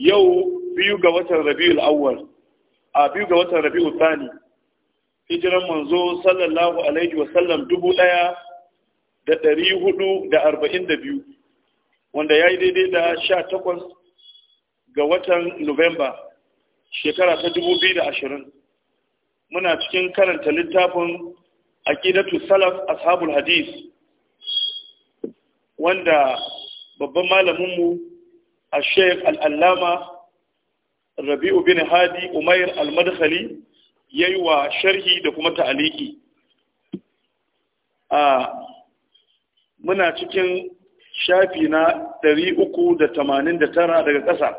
yau biyu ga watan rabiul awwal a biyu ga watan rabiul thani hijiran manzo sallallahu alaihi wa sallam dubu daya da ɗari hudu da arba'in da biyu wanda ya yi daidai da sha takwas ga watan nuwamba shekara ta dubu biyu da ashirin muna cikin karanta littafin aqidatu salaf ashabul hadis wanda babban malaminmu A الشيخ الألامة ربيع بن هادي أمير wa يوى da kuma تعليقي A muna cikin shafi na 389 daga ƙasa.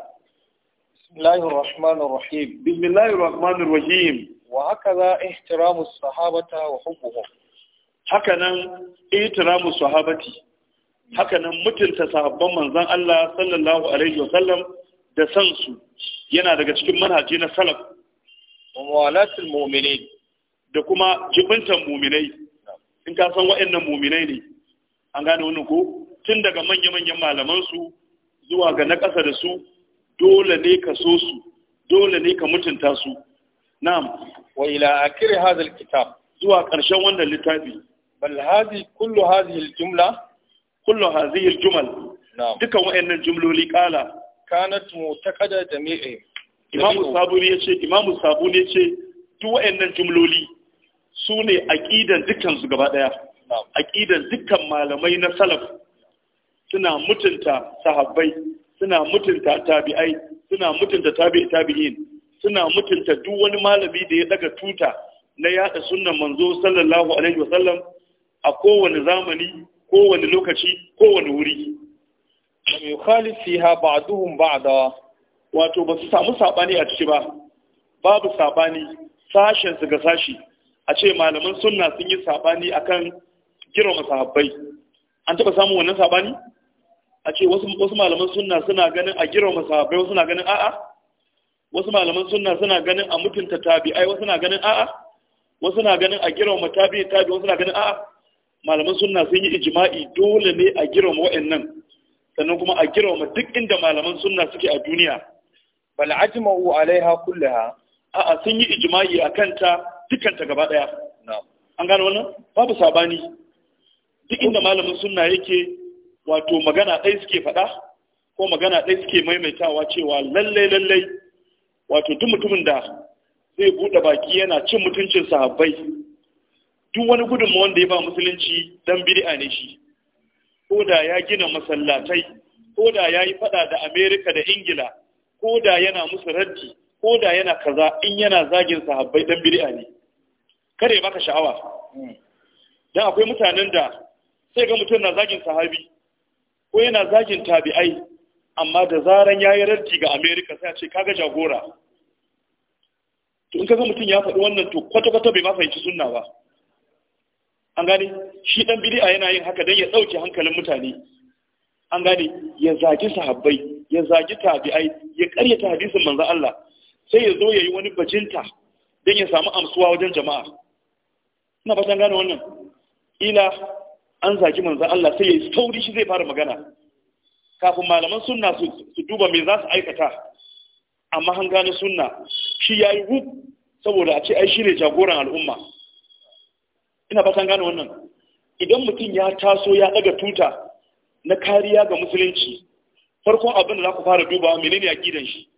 Bismillahir Rahmanir Rahim. Bismillahir Rahmanir Rahim. Wa hakaza ihtiramu sahabata wa hubbuhum. Hakanan ihtiramu sahabati hakanan mutunta sahabban manzon Allah sallallahu alaihi sallam da san su yana daga cikin manhaji na salaf mu'minin da kuma jibintan mu'minai in ka san waɗannan mu'minai ne an gane wannan ko tun daga manya-manyan malaman su zuwa ga na ƙasa da su dole ne ka so su dole ne ka mutunta su na'am wa ila akhir hadha alkitab zuwa ƙarshen wannan littafi bal hadi kullu hadhihi aljumla kullu hadhihi al duka dukan wayannan jumloli kala kanat mutaqada jami'i imam sabuni yace imam sabuni yace duk wayannan jumloli sune aqidan dukkan su gaba daya aqidan dukkan malamai na salaf suna mutunta sahabbai suna mutunta tabi'ai suna mutunta tabi'i tabi'in suna mutunta duk wani malami da ya daga tuta na yada sunnan manzo sallallahu alaihi wasallam a kowane zamani kowane lokaci kowane wuri lam yukhalif fiha ba'duhum ba'da wato ba su samu sabani a ciki ba babu sabani sashen su ga sashi a ce malaman sunna sun yi sabani akan girma masahabbai an taba samun wannan sabani a ce wasu wasu malaman sunna suna ganin a girma masahabbai wasu na ganin a'a wasu malaman sunna suna ganin a mutunta tabi'ai wasu na ganin a'a wasu na ganin a girma tabi'i tabi'i wasu na ganin a'a malaman sunna sun yi ijma'i dole ne a girma wa'annan sannan kuma a girma duk inda malaman sunna suke a duniya bal ajma'u alaiha kullaha a'a sun yi ijma'i akan ta dukkan ta gaba daya an gano wannan babu sabani duk inda malamin sunna yake wato magana ɗaya suke faɗa ko magana ɗaya suke maimaitawa cewa lallai lallai wato duk mutumin da zai buɗe baki yana cin mutuncin sahabbai duk wani gudunmawan da ya ba musulunci dan bid'a ne shi ko da ya gina masallatai ko da ya yi fada da amerika da ingila ko da yana musu raddi ko da yana kaza in yana zagin sahabbai dan bid'a ne kare baka sha'awa dan akwai mutanen da sai ga mutum na zagin sahabi ko yana zagin tabi'ai amma da zaran ya yi raddi ga amerika sai a ce kaga jagora to in kaga mutum ya faɗi wannan to kwata-kwata bai ma fahimci sunna ba an gane shi dan bid'a yana yin haka dan ya dauke hankalin mutane an gane ya zagi sahabbai ya zagi tabi'ai ya karyata hadisin manzo Allah sai ya zo yayi wani bajinta dan ya samu amsuwa wajen jama'a ina fatan gane wannan ila an zagi manzo Allah sai ya sauri shi zai fara magana kafin malaman sunna su duba me za su aikata amma an gane sunna shi yayi wub saboda a ce ai shi ne jagoran al'umma ina fatan gane wannan idan mutum ya taso ya daga tuta na kariya ga musulunci farko abin da za ku fara dubawa menene gidan shi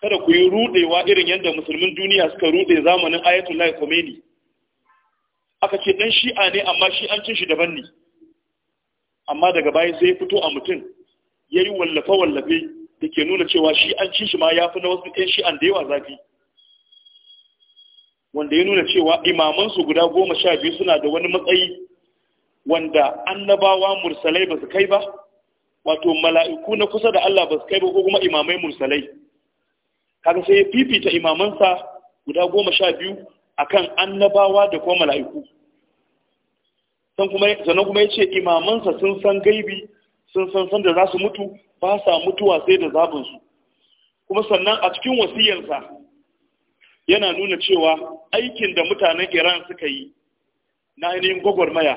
kada ku yi rudewa irin yadda musulmin duniya suka rude zamanin ayatollah khomeini aka ce dan shi'a ne amma shi an cin shi daban ne amma daga baya sai ya fito a mutum ya yi wallafe wallafe da ke nuna cewa shi an cin shi ma ya fi na wasu ɗan shi'an da yawa zafi wanda ya nuna cewa imamansu guda goma sha biyu suna da wani matsayi wanda annabawa mursalai ba su kai ba wato mala'iku na kusa da Allah ba su kai ba ko kuma imamai mursalai kaga sai ya fifita imamansa guda goma sha biyu akan annabawa da kuma mala'iku sannan kuma ya ce imamansa sun san gaibi sun san san da za su mutu ba sa mutuwa sai da zabinsu kuma sannan a cikin wasiyarsa yana nuna cewa aikin da mutanen iran suka yi na ainihin gwagwarmaya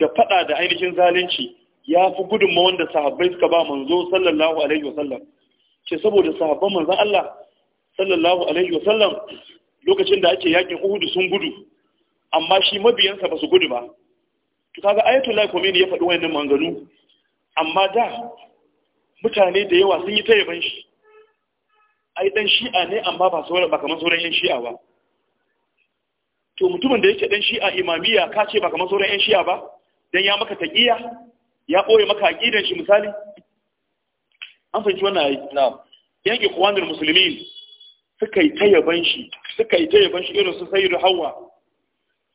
da fada da ainihin zalunci ya fi gudunma wanda sahabbai suka ba manzo sallallahu alaihi wasallam ce saboda sahabban manzan Allah sallallahu alaihi wasallam lokacin da ake yakin uhudu sun gudu amma shi mabiyansa ba su gudu ba to kaga ayatollah khomeini ya faɗi wayannan manganu amma da mutane da yawa sun yi ta yaban shi ai dan shi'a ne amma ba sauran ba kamar sauran yan shi'a ba to mutumin da yake dan shi'a imamiyya ka ce ba kamar sauran yan shi'a ba dan ya maka taqiya ya boye maka aqidan shi misali an fahimci wannan ayi na'am yan ikhwanul muslimin suka yi tayyaban shi suka yi tayyaban shi irin su sayyidu hawa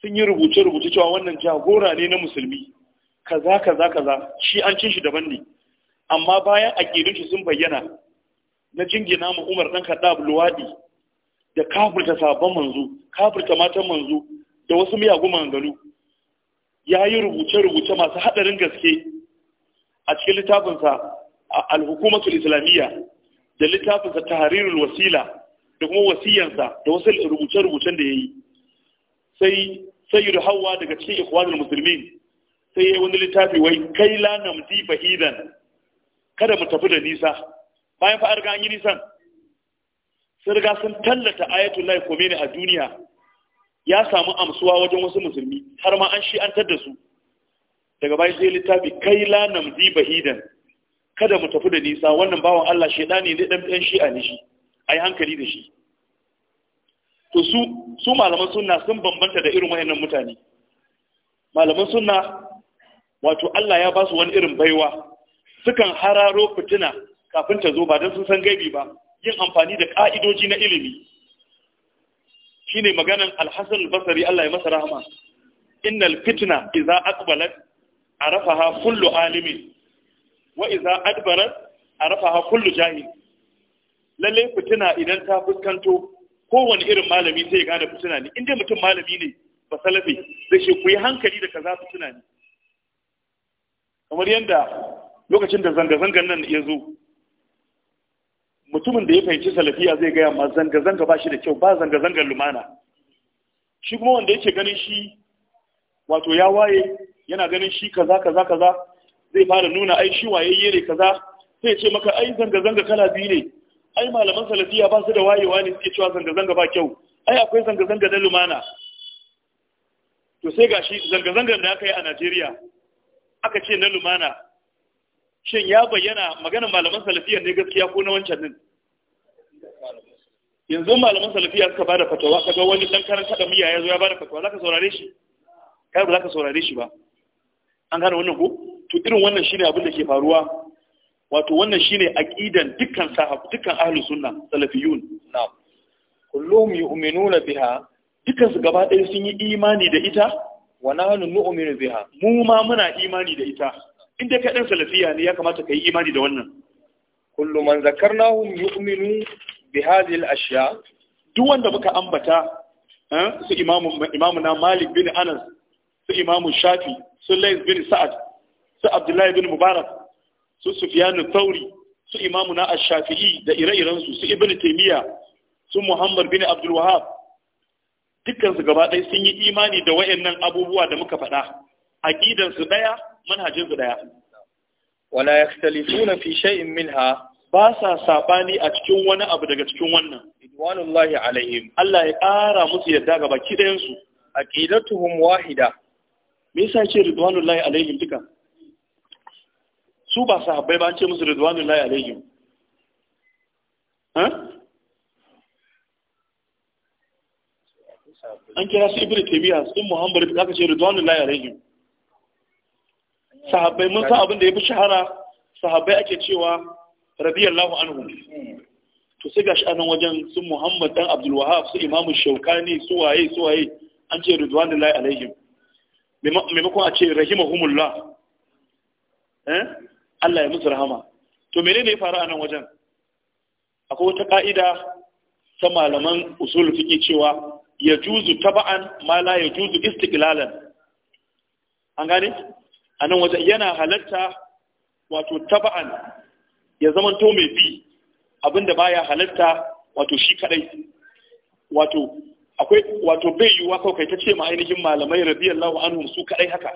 sun yi rubuce rubuce cewa wannan jagora ne na musulmi kaza kaza kaza shi an cin shi daban ne amma bayan aqidun shi sun bayyana na jingina mu Umar dan Khattab luwadi da kafirta sabon manzo kafirta matan manzo da wasu miyagun mangalu ya yi rubuce-rubuce masu haɗarin gaske a cikin littafinsa al-hukumatul islamiyya da littafinsa tahrirul wasila da kuma wasiyansa da wasu rubuce-rubucen da ya yi sai sayyidu hawa daga cikin ikhwanul muslimin sai ya yi wani littafi wai kai la namdi fahidan kada mu tafi da nisa bayan fa'ar ga an yi nisan sun riga sun tallata ayatullahi ne a duniya ya samu amsuwa wajen wasu musulmi har ma an shi shi'antar da su daga bayan sai littafi kai la namzi bahidan kada mu tafi da nisa wannan bawan Allah shedani ne dan ɗan shi'a ne shi ai hankali da shi to su su malaman sunna sun bambanta da irin wayannan mutane malaman sunna wato Allah ya ba su wani irin baiwa sukan hararo fitina kafin ta zo ba don sun san gaibi ba yin amfani da ka'idoji na ilimi Shi ne maganan alhassan basari Allah ya masa rahama innal fitna a rafa ha kullu alimin wa iza adbarat ha kullu jahi lalle fitina idan ta fuskanto kowane irin malami sai gane fitina ne inda mutum malami ne ba salafi zai shi ku yi hankali da kaza fitina ne kamar yadda lokacin da zanga-zangan nan ya zo mutumin da ya fahimci salafiya zai gaya ma zanga-zanga ba shi da kyau ba zanga-zangar lumana shi kuma wanda yake ganin shi wato ya waye yana ganin shi kaza kaza kaza zai fara nuna ai shi wayayye ne kaza sai ce maka ai zanga-zanga kala biyu ne ai malaman salafiya ba su da wayewa ne suke cewa zanga-zanga ba kyau ai akwai zanga-zanga na lumana to sai gashi zanga-zangar da aka yi a Najeriya aka ce na lumana shin ya bayyana maganar malaman salafiyar ne gaskiya ko na wancan din yanzu malaman salafiya suka bada fatawa kaga wani dan karanta da miya yazo ya bada fatawa zaka saurare shi kai ba zaka saurare shi ba an gane wannan ko to irin wannan shine abin da ke faruwa wato wannan shine aqidan dukkan sahab dukkan ahlus sunna salafiyun na'am kullum yu'minuna biha dukkan su gaba ɗaya sun yi imani da ita wa nahnu nu'minu biha mu ma muna imani da ita in dai ka dan salafiya ne ya kamata ka yi imani da wannan kullu man zakarnahum yu'minu bi hadhihi al-ashya duk wanda muka ambata eh, su imamu imamu na Malik bin Anas su imamu Shafi su Layth bin Sa'ad su Abdullahi bin Mubarak su Sufyan al-Thawri su imamu na Ash-Shafi'i da ire-iren su su Ibn Taymiyyah su Muhammad bin Abdul Wahhab dukkan su gaba ɗaya sun yi imani da wayannan abubuwa da muka faɗa aqidan su daya manhajin su daya wala yakhtalifuna fi shay'in minha ba sa sabani a cikin wani abu daga cikin wannan ridwanullahi alaihim Allah ya ƙara musu yarda ga baki ɗayan A aqidatuhum wahida me yasa ce ridwanullahi alaihim duka su ba sahabbai ba ce musu ridwanullahi alaihim an kira su ibn taymiya sun muhammad aka ce ridwanullahi alaihim sahabbai mun san abin da fi shahara sahabbai ake cewa radiyallahu anhu to sai gashi anan wajen sun Muhammad dan Abdul Wahhab su Imam Shawkani su waye su waye an ce ridwanullahi alaihim maimakon a ce rahimahumullah eh Allah ya musu rahama to menene ya faru anan wajen akwai wata ka'ida ta malaman usul fiqi cewa ya juzu taba'an ma la ya juzu istiqlalan an gane anan wajen yana halatta wato taba'an ya zama to mai bi abinda baya halatta wato shi kadai wato akwai wato bai yiwuwa kawai kai ta ce ma ainihin malamai radiyallahu anhum su kadai haka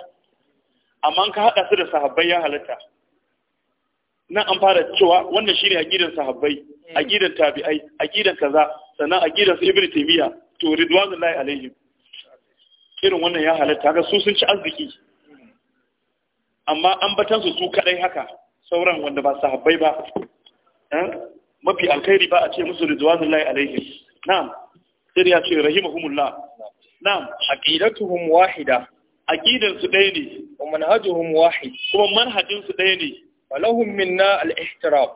amma ka hada su da sahabbai ya halatta nan an fara cewa wannan shine aqidan sahabbai hmm. aqidan tabi'ai aqidan kaza sannan aqidan su ibnu taymiya to ridwanullahi alaihi. irin wannan ya halatta ga su sun ci arziki hmm. amma an batansu su kadai haka sauran wanda ba sahabbai ba eh? mafi alkhairi ba a ce musu ridwanullahi alaihi na'am sai ya ce rahimahumullah na'am aqidatuhum wahida aqidan su ɗaya ne wa manhajuhum wahid kuma manhajin su ɗaya ne walahum minna al-ihtiram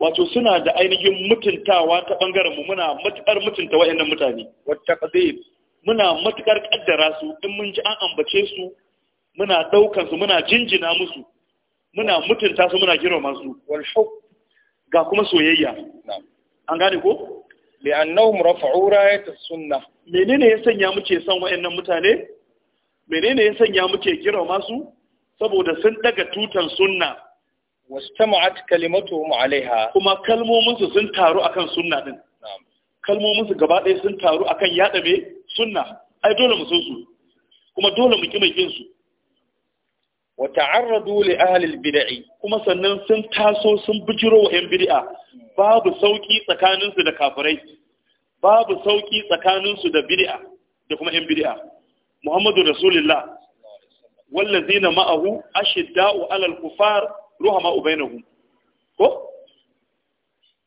wato suna da ainihin mutuntawa ta bangaren mu muna matukar mutunta wayannan mutane wa taqdir muna matukar kaddara su in mun ji an ambace su muna daukan su muna jinjina musu muna mutunta su muna girma su ga kuma soyayya an gane ko li'annahum rafa'u rayata sunna menene ya sanya muke son wayannan mutane menene ya sanya muke girma su saboda sun daga tutan sunna wastama'at kalimatuhum alaiha kuma kalmomin su sun taru akan sunna din kalmomin su gaba ɗaya sun taru akan yada me sunna ai dole mu so su kuma dole mu ƙi mai kin su wa ta'arradu li ahli al-bid'i kuma sannan sun taso sun bijiro wa yan bid'a babu sauƙi tsakaninsu da kafirai babu sauƙi tsakaninsu da bid'a da kuma yan bid'a Muhammadu Rasulullah wallazina ma'ahu ashidda'u 'alal kufar ruhama'u bainahum ko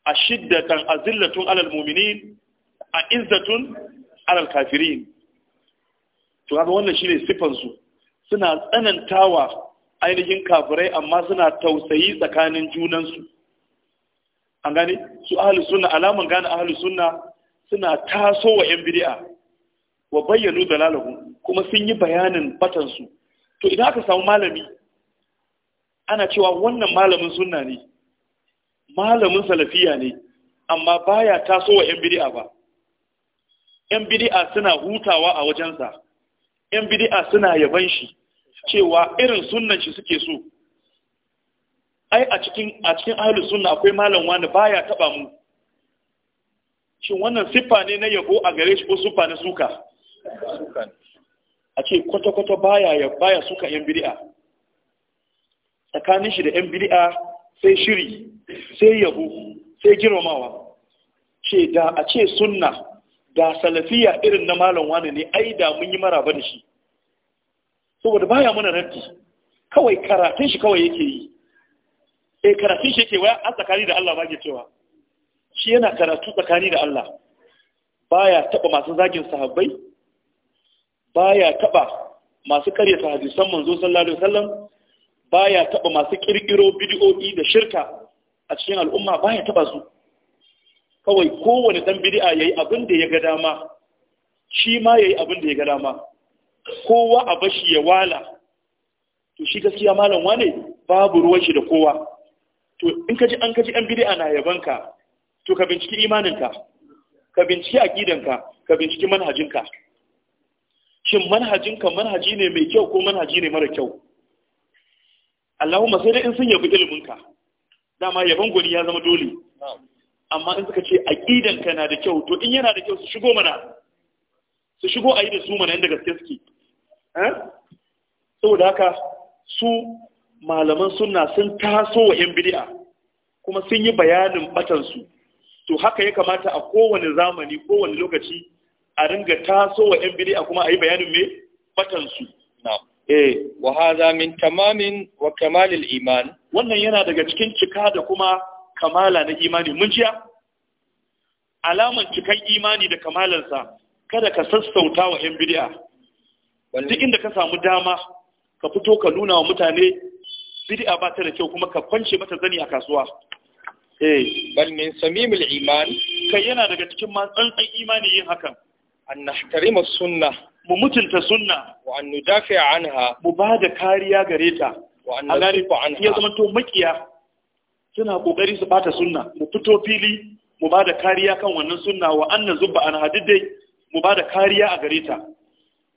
ashiddatan azillatun 'alal mu'minin a'izzatun 'alal kafirin to kaga wannan shi ne su suna tsanantawa ainihin kafirai amma suna tausayi tsakanin junansu an gane su ahli sunna alaman gane ahli sunna suna taso wa yan bid'a wa bayyanu dalalahu kuma sun yi bayanin su to idan aka samu malami ana cewa wannan malamin sunna ne malamin salafiya ne amma baya taso wa yan bid'a ba yan bid'a suna hutawa a wajensa yan bid'a suna yaban shi cewa irin sunnan shi suke so ai a cikin ahalu suna akwai malam wani baya taba mu shin wannan siffa ne na yabo a gare shi ko siffa na suka a ce kwata-kwata baya ya suka yan bidi’a, tsakanin shi da yan bidi’a sai shiri sai yabo sai girmamawa ce da a ce sunna da salafiya irin na malam wani ne ai da mun yi maraba da shi saboda baya mana ranti? kawai karatun shi kawai yake yi eh karatun shi yake waya a tsakani da Allah ba ke cewa shi yana karatu tsakani da Allah baya taba masu zagin sahabbai baya taba masu karyata hadisan manzo sallallahu alaihi wasallam baya taba masu kirkiro bid'o'i da shirka a cikin al'umma baya taba su kawai kowane dan bid'a yayi abin da ya ga dama shi ma yayi abin da ya ga dama kowa a bashi ya wala to shi gaskiya malam wane babu ruwan shi da kowa to in ka ji an kaji an bid'a na yabanka to ka binciki imaninka ka binciki aqidanka ka binciki manhajinka shin manhajinka manhaji ne mai kyau ko manhaji ne mara kyau Allahumma sai dai in sun yabi ilminka dama yaban gwani ya zama dole amma in suka ce aqidan ka na da kyau to in yana da kyau su shigo mana su shigo ayi da su mana inda gaske suke eh saboda haka su malaman sunna sun taso wa yan bid'a kuma sun yi bayanin batan su to haka ya kamata a kowane zamani kowane lokaci a ringa taso wa yan bid'a kuma ayi bayanin me batan su eh wa hadha min tamamin wa kamalil iman wannan yana daga cikin cika da kuma kamala na imani mun ciya alaman cikan imani da kamalansa kada ka sassauta wa yan bid'a wanda inda ka samu dama ka fito ka nuna wa mutane bid'a ba ta da kyau kuma ka kwance mata zani a kasuwa eh bal min samimul iman kai yana daga cikin ma tsantsan imani yin hakan an nahtarimu sunna mu mutunta sunna wa an nudafi anha mu ba kariya gareta. ta wa an nadifa anha ya zama to makiya suna kokari su bata sunna mu fito fili mu bada kariya kan wannan sunna wa annan zubba an hadidai mu ba da kariya a gare ta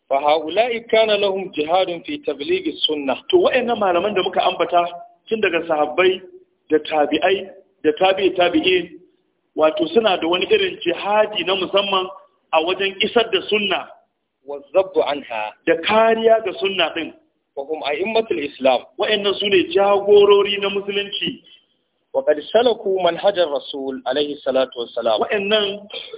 fa haula'i kana lahum jihadun fi tablighi sunna to wayannan malaman da muka ambata tun daga sahabbai da tabi'ai da tabi'i tabi'i wato suna da wani irin jihadi na musamman a wajen isar da sunna wa anha da kariya ga sunna din wa hum a'immatul islam wayannan sune jagorori na musulunci wa qad salaku manhajar rasul alaihi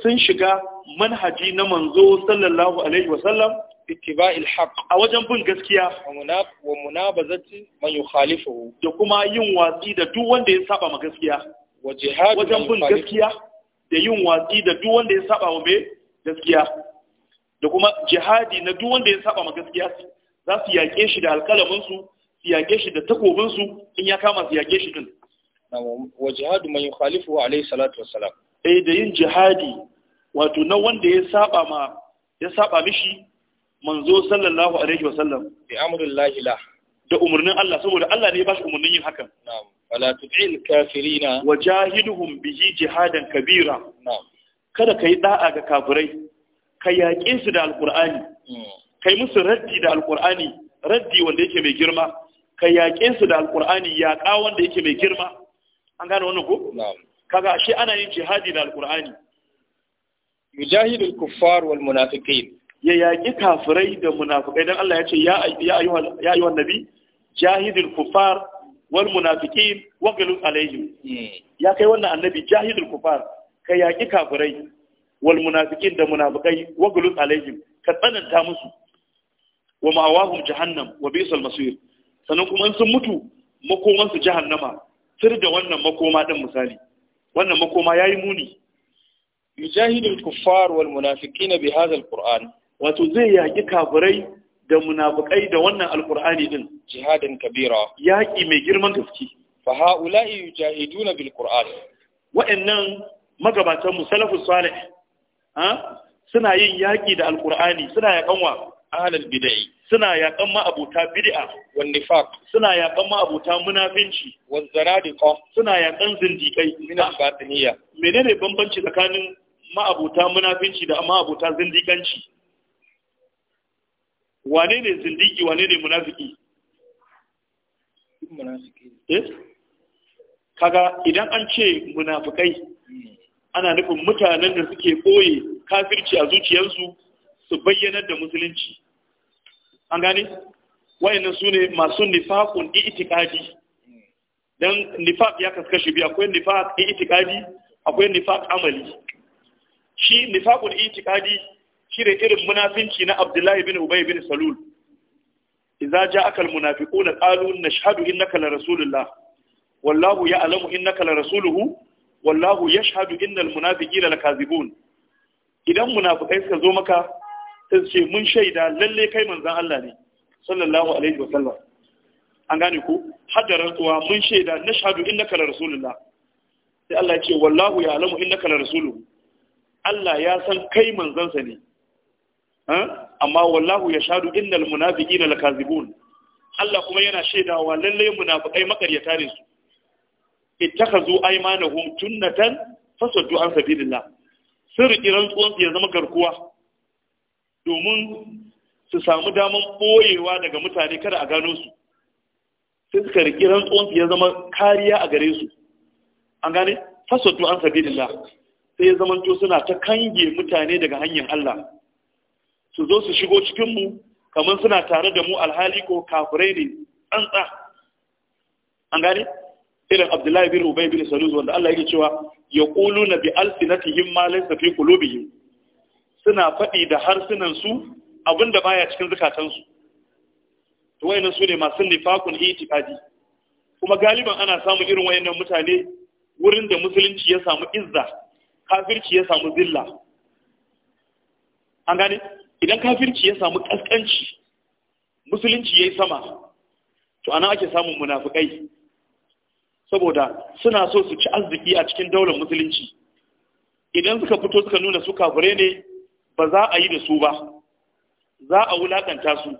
sun shiga manhaji na manzo sallallahu alaihi wasallam ittiba'il haqq a wajen bin gaskiya wa munabazati man yukhalifuhu da kuma yin watsi da duk ya saba ma gaskiya wajen bin gaskiya da yin watsi da duk ya saba ma gaskiya da kuma jihadi na duk ya ma gaskiya za su yaƙe shi da su yaƙe shi da in ya kama su yaƙe shi wa jihadu man yukhalifu alayhi salatu wassalam eh da yin jihadi wato na wanda ya saba ma ya saba mishi manzo sallallahu alaihi wasallam bi amrillahi la da umarnin Allah saboda Allah ne ya bashi umarnin yin hakan na'am wala tu'il kafirina Wa jahiduhum bihi jihadan kabira na'am kada kai da'a ga kafirai ka yaƙe su da alqur'ani mm. kai musu raddi da alqur'ani raddi wanda yake mai girma ka yaƙe su da alqur'ani yaƙa wanda yake mai girma an gane wannan ko kaga ashe ana yin jihadi da alqur'ani yujahidu al-kuffar wal munafiqin ya yaki kafirai da munafikai dan Allah ya ce ya ayyuhan ya ayyuhan nabi al kuffar wal munafiqin waqil alaihim hmm. ya kai wannan annabi al kuffar ka yaki kafirai wal munafiqin da munafikai waqil alaihim ka tsananta musu wa ma'awahum jahannam wa bisal masir sannan kuma in sun mutu makoman su jahannama tur da wannan makoma din misali wannan makoma ya yi muni yujahidul kuffar wal munafiqina bi hadha al qur'an wato zai yaki kafirai da munafikai da wannan alqur'ani din jihadin kabira yaki mai girman gaske fa haula'i yujahiduna bil qur'an wa'annan magabatan mu salih ha suna yin yaki da alqur'ani suna yakan wa ahlul bid'ah suna yakan ma'abuta bid'a wan nifaq suna yakan ma'abuta munafinci wan zanadiqa suna yakan zindikai min al-batiniya menene bambanci tsakanin ma'abuta munafinci da ma'abuta zindikanci wane ne zindiki wane ne munafiki munafiki eh kaga idan an ce munafikai hmm. ana nufin mutanen da suke koye kafirci a zuciyarsu su bayyanar da musulunci an gane wayannan su ne masu nifaqun i'tiqadi dan nifaq ya kaskashi biyu akwai nifaq i'tiqadi akwai nifaq amali shi nifaqul i'tiqadi shi da irin munafinci na Abdullahi bin Ubay bin Salul idza ja'aka almunafiquna qalu nashhadu innaka la rasulullah wallahu ya'lamu innaka la rasuluhu wallahu yashhadu innal munafiqina lakazibun idan munafiqai suka zo maka sai su ce mun shaida lalle kai manzan Allah ne sallallahu alaihi wasallam an gane ku haddaran tsuwa mun shaida na shahadu inna kala rasulullah sai Allah ya ce wallahu ya'lamu inna kala rasuluhu Allah ya san kai manzansa ne amma wallahu ya shahadu innal munafiqina lakazibun Allah kuma yana shaidawa lalle munafikai makaryata ne su ittakhazu aymanahum tunnatan fasaddu an sabilillah sun riƙi su ya zama garkuwa domin su samu daman ɓoyewa daga mutane kada a gano su sai suka riƙi rantsuwansu ya zama kariya a gare su an gane to an sabilillah sai ya zamanto suna ta kange mutane daga hanyar Allah su zo su shigo cikinmu kamar suna tare da mu alhali ko kafirai ne tsantsa an gane irin abdullahi bin ubay bin saluz wanda Allah yake cewa ya na bi alsinatihim ma laysa fi qulubihim suna faɗi da harsunansu abinda baya cikin zukatansu to wayannan su ne masu nifakun itikadi kuma galiban ana samun irin wayannan mutane wurin da musulunci ya samu izza kafirci ya samu zilla an gane idan kafirci ya samu kaskanci musulunci yayi sama to ana ake samun munafukai. saboda suna so su ci arziki a cikin daular musulunci idan suka fito suka nuna su kafure ne ba za a yi da su ba za a wulakanta su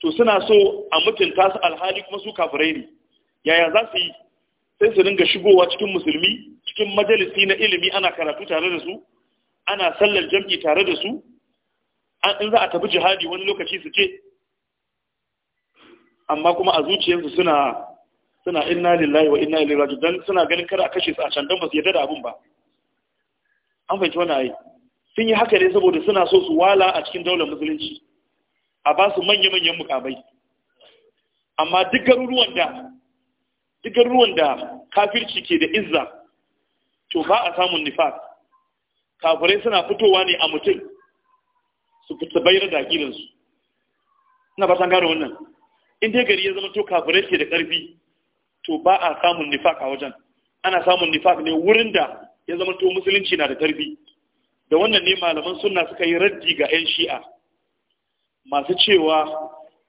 to suna so a mutunta su alhali kuma su kafirai ne yaya za su yi sai su dinga shigowa cikin musulmi cikin majalisi na ilimi ana karatu tare da su ana sallar jam'i tare da su an in za a tafi jihadi wani lokaci su ce amma kuma a zuciyarsu suna suna inna lillahi wa inna ilaihi raji'un suna ganin kada a kashe su a can don ba su yarda da abun ba an fahimci wannan ayi sun yi haka ne saboda suna so su wala a cikin daular musulunci a ba su manya-manyan mukamai amma duk garuruwan da kafirci ke da izza to ba a samun nifas kafirai suna fitowa ne a mutum su fita bayyana da gidansu ina ba san wannan Inda gari ya zama to kafirai ke da ƙarfi to ba a samun nifak a wajen ana samun nifak ne wurin da ya zama to musulunci na da ƙarfi da wannan ne malaman sunna suka yi raddi ga 'yan shi'a masu cewa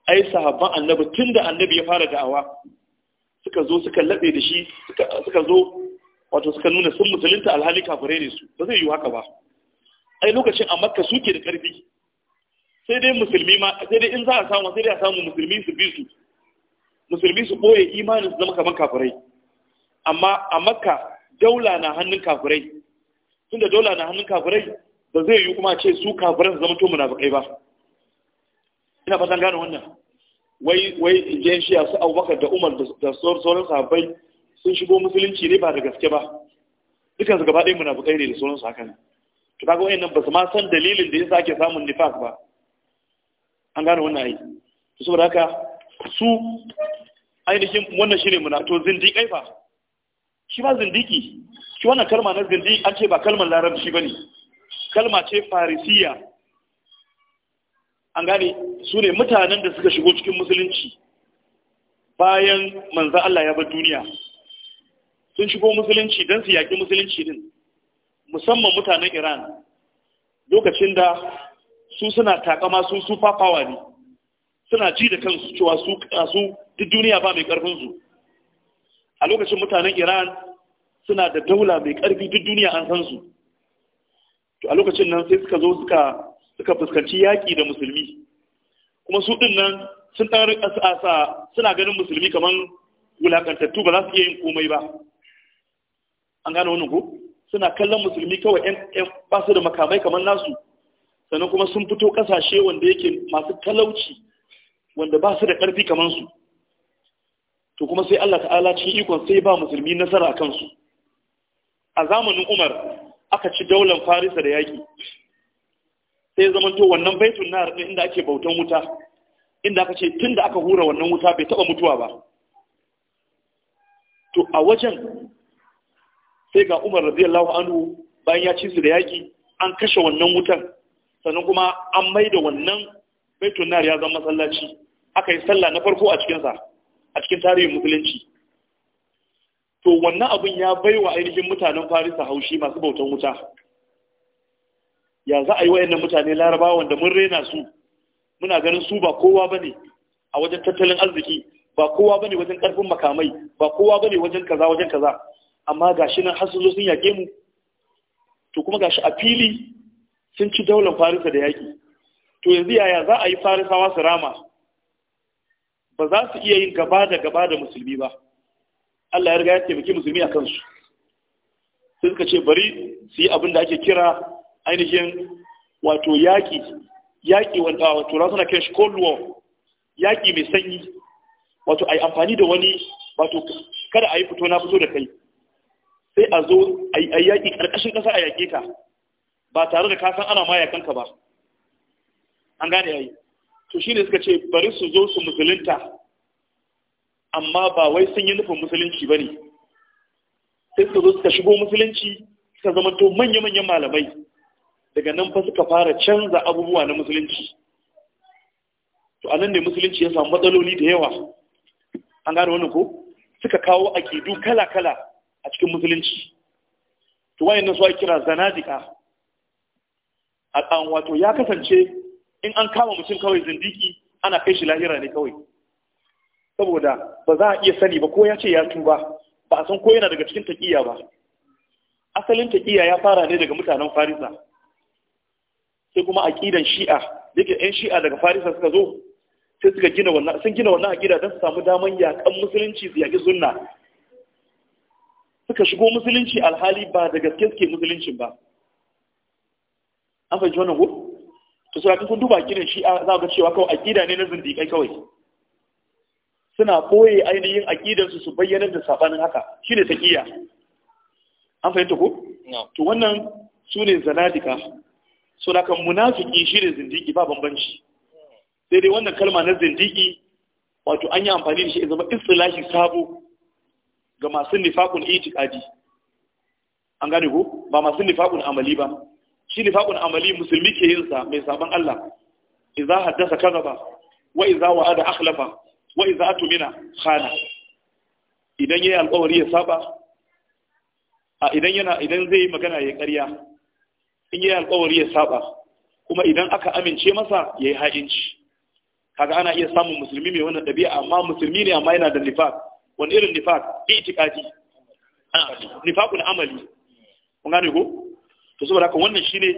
ai sahabban annabi tun da annabi ya fara da'awa suka zo suka laɓe da shi suka zo wato suka nuna sun musulunta alhali kafirai ne su ba zai yi haka ba ai lokacin a makka suke da ƙarfi sai dai musulmi ma sai dai in za a samu sai dai a samu musulmi su bi su musulmi su ɓoye imanin su zama kamar kafirai amma a makka daula na hannun kafirai tunda dola na hannun kafirai ba zai yi kuma ce su kafiran zama to munafikai ba ina fatan gane wannan wai wai yan shi su Abubakar da Umar da sauran sahabbai sun shigo musulunci ne ba da gaske ba dukansu gaba ɗaya munafikai ne da sauransu haka ne to kaga wayannan ba su ma san dalilin da yasa ake samun nifas ba an gane wannan ai to saboda haka su ainihin wannan shine muna to zindiƙai fa shi ba zindiki shi wannan kalma na zindi an ce ba kalmar larabci ba ne kalma ce farisiya an gane su ne mutanen da suka shigo cikin musulunci bayan manzan Allah ya bar duniya sun shigo musulunci don su yaƙi musulunci din musamman mutanen iran lokacin da su suna takama su super ne suna ji da kansu cewa su duk duniya ba mai ƙarfinsu a lokacin mutanen iran suna da daula mai karfi duk duniya an san su to a lokacin nan sai suka zo suka suka fuskanci yaƙi da musulmi kuma su ɗin nan sun ɗan rikasa suna ganin musulmi kamar wulakantattu ba za su iya yin komai ba an gane wani ko suna kallon musulmi kawai yan ba su da makamai kamar nasu sannan kuma sun fito ƙasashe wanda yake masu talauci wanda ba su da ƙarfi kamar su to kuma sai Allah ta'ala cikin ikon sai ba musulmi nasara a kansu a zamanin umar aka ci daular farisa da yaƙi sai zama to wannan baitun na ɗin inda ake bautan wuta inda aka ce tun da aka hura wannan wuta bai taba mutuwa ba to a wajen sai ga umar radiyallahu anhu bayan ya ci su da yaƙi an kashe wannan wutan sannan kuma an mai da wannan baitun nar ya zama masallaci aka yi sallah na farko a cikinsa a cikin tarihin musulunci to wannan abin ya bai wa ainihin mutanen farisa haushi masu bautan wuta ya za a yi wa'annan mutane larabawa wanda mun rena su muna ganin su ba kowa ba ne a wajen tattalin arziki ba kowa ba ne wajen ƙarfin makamai ba kowa ba ne wajen kaza wajen kaza amma ga shi nan har zo sun yaƙe mu to kuma ga shi a fili sun ci daular farisa da yaƙi to yanzu yaya za a yi farisawa su rama ba za su iya yin gaba da gaba da musulmi ba Allah ya riga ya taimaki musulmi a kansu sai suka ce bari su yi abin da ake kira ainihin wato yaƙi yaƙi wanda wato suna kiran shi cold war yaƙi mai sanyi wato a amfani da wani wato kada a yi fito na fito da kai sai a zo a yi yaƙi ƙarƙashin ƙasa a yaƙe ka ba tare da ka san ana ma ka ba an gane yayi to shine suka ce bari su zo su musulunta amma ba wai sun yi nufin musulunci ba ne sai su zo suka shigo musulunci suka zama to manya-manyan malamai daga nan fa suka fara canza abubuwa na musulunci to anan ne musulunci ya samu matsaloli da yawa an gane wani ko suka kawo akidu kala-kala a cikin musulunci to wani su ake kira zanadika a wato ya kasance in an kama mutum kawai zindiki ana kai shi lahira ne kawai saboda ba za a iya sani ba ko ya ce ya tuba ba a san ko yana daga cikin taƙiya ba asalin taƙiya ya fara ne daga mutanen farisa sai kuma aƙidan shi'a yake yan shi'a daga farisa suka zo sai suka gina wannan sun gina wannan aƙida don su samu daman yaƙan musulunci su yaƙi sunna suka shigo musulunci alhali ba da gaske suke musuluncin ba an fahimci wannan ko to sai kun duba aƙidan shi'a za ga cewa kawai aƙida ne na zindiƙai kawai suna ɓoye ainihin aƙidarsu su bayyanar da saɓanin haka shi ne taƙiya an fahimta ko? to wannan su ne zanadika so da kan munafiki shi ne zindiki ba bambanci sai dai wannan kalma na zindiki wato an yi amfani da shi ya zama istilahi sabo ga masu nifakun itikadi an gane ko ba masu nifaƙun amali ba shi nifaƙun amali musulmi ke yin sa mai saban Allah idza haddasa kaza ba wa idza wa'ada akhlafa wa iza mina khana idan yayi alƙawari ya saba a idan yana idan zai yi magana ya ƙarya in yayi alƙawari ya saba kuma idan aka amince masa yayi ha'inci kaga ana iya samun musulmi mai wannan ɗabi'a amma musulmi ne amma yana da nifaq wani irin nifaq itiqadi nifaqul amali kun gane ko to saboda haka wannan shine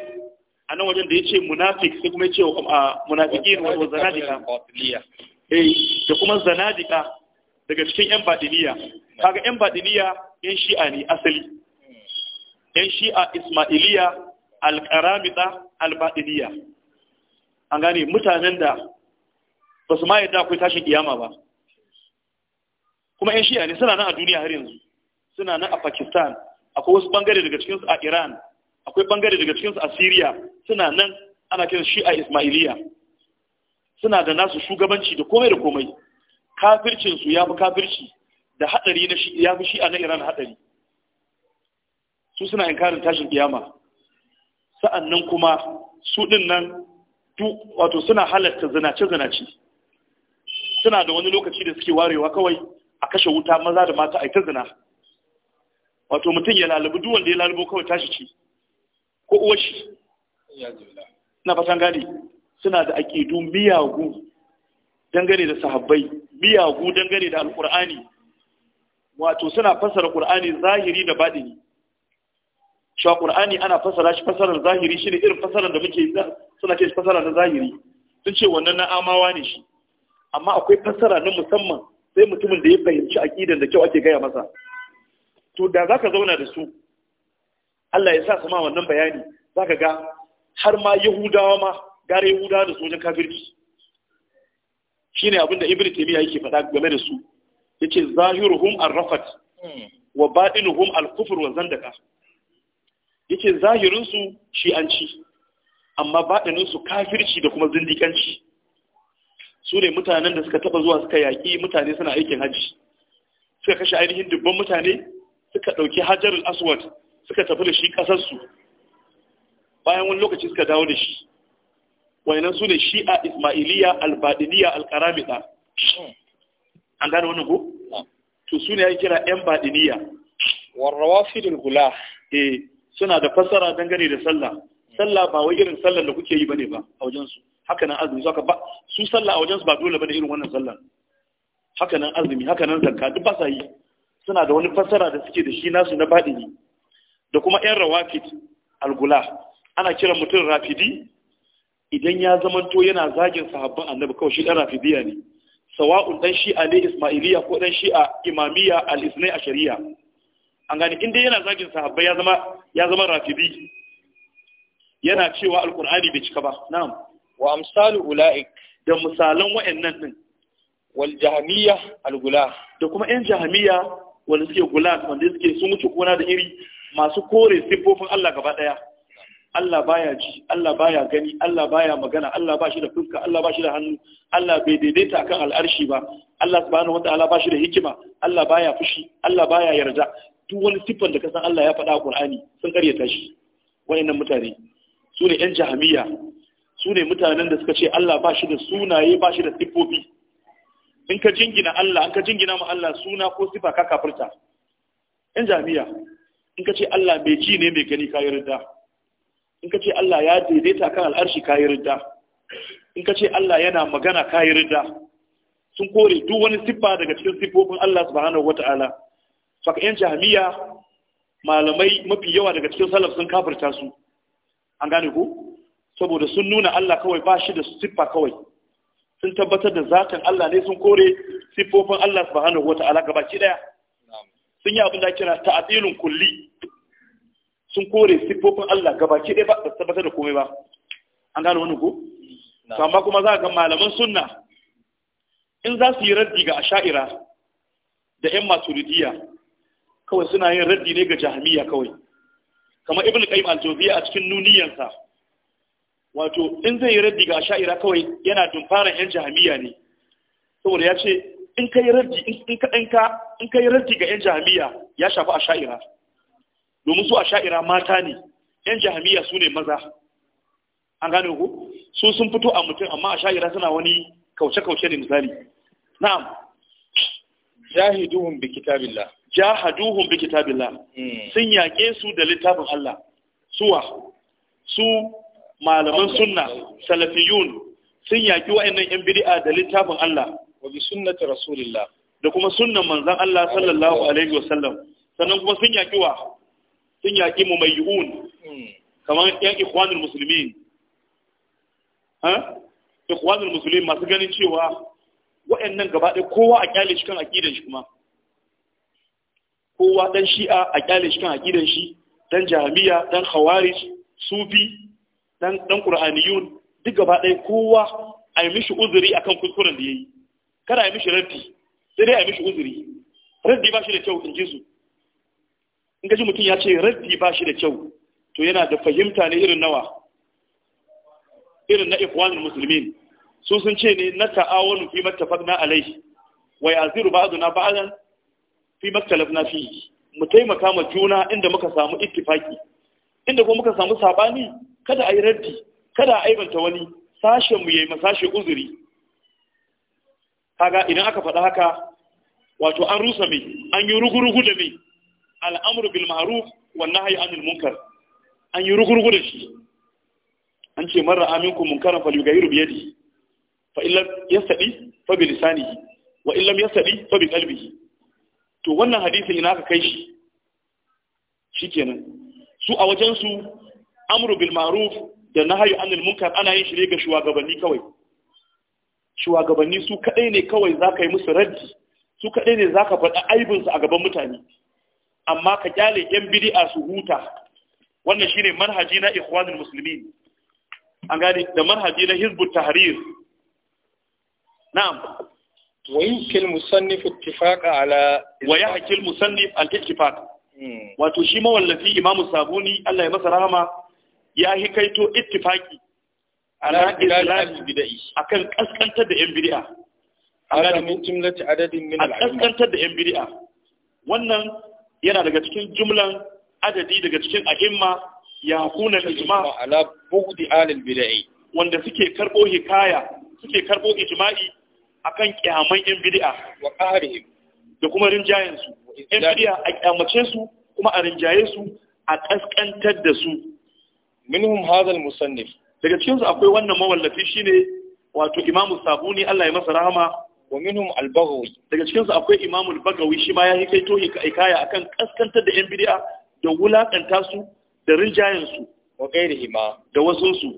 a nan wajen da yace munafik sai kuma yace munafiki wa zanadika Eh, da kuma zanadika daga cikin yan badiniya kaga yan badiniya yan shi'a ne asali yan shi'a ismailiya alqaramita albadiniya an gane mutanen da ba su ma yadda akwai tashin iyama ba kuma yan shi'a ne suna nan a duniya har yanzu suna nan a pakistan akwai wasu bangare daga cikinsu a iran akwai bangare daga cikinsu a syria suna nan ana kiran shi'a ismailiya suna da nasu shugabanci da komai da komai kafircinsu ya fi kafirci da haɗari na shi ya fi shi a na iran haɗari su suna inkarin tashin kiyama sa'annan kuma su ɗin nan wato suna halatta zinace-zinace suna da wani lokaci da suke warewa kawai a kashe wuta maza da mata a ta zina wato mutum ya lalubu duwan da ya lalubu kawai tashi ci ko shi. na fatan gadi suna da aƙidu, miyagu dangane da sahabbai miyagu dangane da alqur'ani wato suna fasara qur'ani zahiri da batini shi qur'ani ana fasara shi fasarar zahiri shine irin fasarar da muke suna ce fasara na zahiri sun ce wannan na amawa ne shi amma akwai fasara na musamman sai mutumin da ya fahimci aƙidan da kyau ake gaya masa to da zaka zauna da su Allah ya sa sama wannan bayani zaka ga har ma yahudawa ma gare yahuda da sojan kafirci ne abinda ibnu taymiya yake faɗa game da su yace zahiruhum ar-rafat hmm. wa batinuhum al-kufr wa zandaka yace shi an shi'anci amma baɗininsu kafirci da kuma zindikanci su ne mutanen da suka taɓa zuwa suka yaƙi mutane suna aikin hajji suka kashe ainihin dubban mutane suka ɗauki hajar aswad suka tafi da shi ƙasarsu bayan wani lokaci suka dawo da shi wayannan su ne shi'a ismailiya albadiliya alkaramida an gane wannan ko to su ne ya kira yan badiniya warrawafidul gula eh suna da fassara dangane da sallah sallah ba wai irin sallar da kuke yi bane ba a wajen su haka nan azumi saka ba su sallah a wajen su ba dole bane irin wannan sallar haka nan azumi haka nan zakka duk ba sa yi suna da wani fassara da suke da shi nasu na badili da kuma yan rawafid algula ana kiran mutum rafidi idan ya zamanto yana zagin sahabban annabi kawai shi dan rafidiya ne sawa'un dan shi'a ne ismailiya ko dan shi'a imamiya al-isnai a shari'a an gani in yana zagin sahabbai ya zama ya yana cewa alqur'ani bai cika ba na'am wa amsalu ulaik da misalan wayannan din wal jahmiya al-gula da kuma yan jahmiya wanda suke gula wanda suke sun wuce gona da iri masu kore siffofin Allah gaba ɗaya. Allah baya ji Allah baya gani Allah baya magana Allah ba shi da fuska Allah ba shi da hannu Allah bai daidaita akan al'arshi ba Allah subhanahu wataala ba shi da hikima Allah baya fushi Allah baya yarda duk wani siffar da kasan Allah ya faɗa a Qur'ani sun karyata shi wayannan mutane su ne yan jahamiyya su ne mutanen da suka ce Allah ba shi da sunaye ba shi da siffofi in ka jingina Allah in ka jingina ma Allah suna ko sifa ka kafirta yan jahamiyya in ka ce Allah mai ji ne mai gani ka yarda in ka ce Allah ya daidaita kan al'arshi kayi ridda in ka ce Allah yana magana kayi ridda sun kore duk wani siffa daga cikin siffofin Allah subhanahu wata'ala faka yan jami'a malamai mafi yawa daga cikin salaf sun kafirta su an gane ku saboda sun nuna Allah kawai ba shi da siffa kawai sun tabbatar da zatin Allah ne sun kore siffofin Allah subhanahu wata'ala ki daya sun yi abin da kira ta'dilun kulli sun kore siffofin Allah gabaki ɗaya ba da tabbatar da komai ba an gane wani ko amma kuma za ga malaman sunna in za su yi raddi ga asha'ira da yan maturidiya kawai suna yin raddi ne ga jahamiya kawai kamar ibn qayyim al jawziya a cikin nuniyansa wato in zai yi raddi ga asha'ira kawai yana dumfaran yan jahamiya ne saboda ya ce in kai raddi in ka in ka in kai raddi ga yan jahamiya ya shafi asha'ira domin su a sha'ira mata ne yan jahamiya su ne maza an gane ku su sun fito a mutum amma a sha'ira suna wani kauce-kauce ne misali na'am jahiduhum bi kitabillah jahaduhum bi kitabillah hmm. sun yaƙe su da littafin Allah suwa su malaman sunna salafiyun sun yaƙi wa'annan yan bid'a da littafin Allah wa bi sunnati rasulillah da kuma sunnan manzon Allah sallallahu alaihi wasallam sannan kuma sun yaƙi wa sun yaƙi mu mai yi'un kamar yan ikhwanul musulmin ikhwanul musulmin masu ganin cewa nan gaba ɗaya kowa a kyale shi kan aƙidan shi kuma kowa ɗan shi'a a kyale shi kan aƙidan shi ɗan jami'a ɗan hawari sufi ɗan ƙur'aniyun duk gaba ɗaya kowa a yi mishi uzuri akan kuskuren da ya yi. kada a yi mishi raddi sai dai a yi mishi uzuri raddi ba shi da kyau in ji su in gaji mutum ya ce raddi ba shi da kyau to yana da fahimta ne irin nawa irin na ikwanin musulmin su sun ce ne na ta'awon fi mattafaq na alai wa ba ba'duna ba'dan fi na fi mu taimaka ma juna inda muka samu ittifaki inda kuma muka samu sabani kada a yi raddi kada a aibanta wani sashen mu yayi sashe uzuri kaga idan aka faɗa haka wato an rusa mai an yi rugurugu da mai al’amuru bil ma'ruf wan nahyi anil munkar an yi rugurgu da shi an ce man ra'a minkum munkaran falyughayyiru bi yadihi fa ya yastadi fa bi lisanihi wa illam yastadi fa bi qalbihi to wannan hadisin ina ka kai shi shikenan su a wajen su amru bil ma'ruf da nahyi anil munkar ana yin shi ga shugabanni kawai shugabanni su kadai ne kawai za ka yi musu raddi su kaɗai ne za ka faɗa aibinsu a gaban mutane amma ka kyale yan bid'a su huta wannan shine manhaji na ikhwanul muslimin an gani da manhaji na Hizb tahrir na'am ويحكي المصنف اتفاق على ويحكي المصنف الاتفاق wato shi mawallafi imamu sabuni Allah ya masa rahama ya hikaito ittifaki ala islamin bid'i akan kaskantar da yan bid'a ala min jumlati adadin min al kaskantar da yan bid'a wannan yana daga cikin jumlan adadi daga cikin ahimma ya kuna ijma ala bughdi alil bid'i wanda suke karbo hikaya suke karbo ijma'i akan kiyaman yan bid'a wa qahrihim da kuma rinjayen su yan bid'a a kiyamace su kuma a rinjaye su a kaskantar da su minhum hadha al musannif daga cikin su akwai wannan mawallafi shine wato imamu sabuni Allah ya masa rahama wa minhum daga cikin su akwai imam al-baghawi shi ma ya yi kai tohi hikaya akan kaskantar da yan bid'a da wulakanta su da rinjayen su wa ghairihi ma da wasun su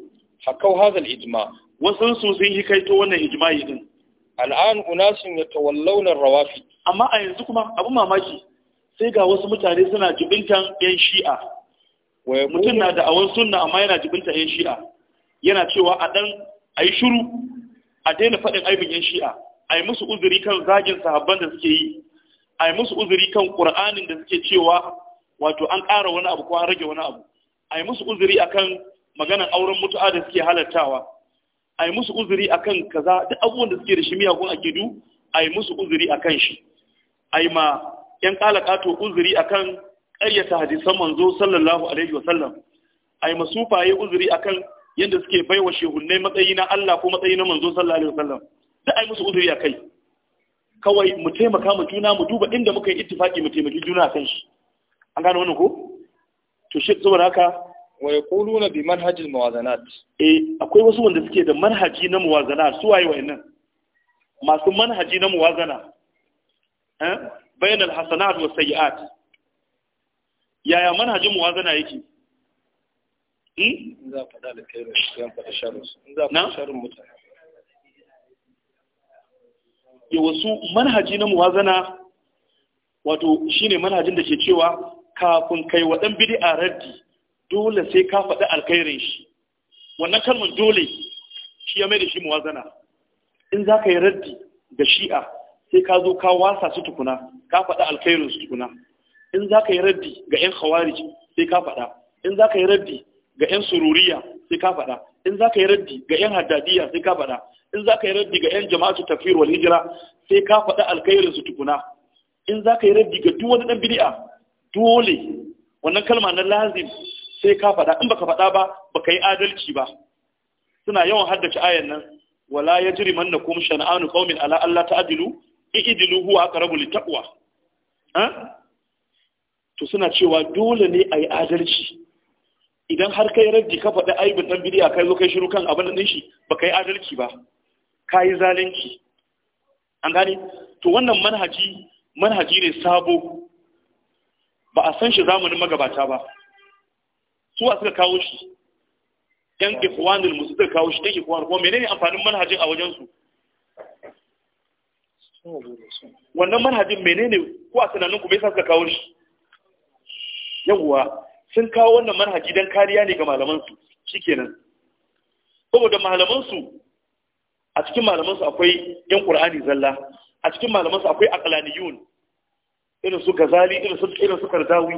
hakau hadha al-ijma wasun su sun yi kai to wannan ijma'i din al'an unasun yatawallawna ar-rawafi amma a yanzu kuma abu mamaki sai ga wasu mutane suna jibintan yan shi'a mutum na da awon sunna amma yana jibinta yan shi'a yana cewa a dan ayi shiru a daina faɗin aibin yan shi'a a yi musu uzuri kan zagin sahabban da suke yi a yi musu uzuri kan ƙur'anin da suke cewa wato an ƙara wani abu ko an rage wani abu a yi musu uzuri akan maganan auren mutu'a da suke halartawa a yi musu uzuri akan kaza duk abubuwan da suke da shi miyagun akidu a yi musu uzuri akan shi a yi ma yan ƙalaƙato uzuri akan ƙaryata hadisan manzo sallallahu alaihi wa sallam? a yi faye uzuri akan yadda suke baiwa shehunnai matsayi na Allah ko matsayi na manzo sallallahu alaihi wa sallam? a ai musu uzuri a kai kawai mu taimaka mu juna mu duba inda muka yi ittifaki mu taimaki juna kan shi an gano wannan ko to shi saboda haka wa yaquluna bi manhajil muwazanat eh akwai wasu wanda suke da manhaji na muwazana su waye wayannan masu manhaji na muwazana eh bayan alhasanat wa sayiat yaya manhajin muwazana yake hmm? in za faɗa da kai in za faɗa sharu mutane ya wasu manhaji na muwazana wato shine manhajin da ke cewa kafin kai wa dan a raddi dole sai ka faɗi alkhairin shi wannan kalmar dole shi ya mai da shi muwazana in za ka yi raddi da shi'a sai ka zo ka wasa su tukuna ka faɗi alkhairin su tukuna in za ka yi raddi ga 'yan khawarij sai ka faɗa in za ka yi raddi ga 'yan sururiya sai ka faɗa in za ka yi raddi ga 'yan haddadiya sai ka faɗa in za ka yi raddi ga 'yan jama'atu tafiyar wal hijira sai ka faɗa alkhairin su tukuna in za ka yi raddi ga duk wani ɗan bid'a dole wannan kalma na lazim sai ka faɗa in baka faɗa ba baka yi adalci ba suna yawan haddace ayan nan wala yajrimannakum shan'anu qaumin ala ta'dilu i'dilu huwa aqrabu to suna cewa dole ne a yi adalci idan har kai raddi ka faɗi aibin ɗan bidiya kai zo kai shiru kan abin da shi ba kai adalci ba ka yi zalunci an gane to wannan manhaji manhaji ne sabo ba a san shi zamanin magabata ba su a suka kawo shi yan ikwanin musu suka kawo shi yan ikwanin kuma menene amfanin manhajin a wajen su wannan manhajin menene ko a tunanin ku me yasa suka kawo shi yawwa sun kawo wannan manhaji don kariya ne ga malamansu shi shikenan saboda malamansu a cikin malamansu akwai yan ƙur'ani zalla a cikin malamansu akwai aqlaniyun irin su gazali irin su irin su kardawi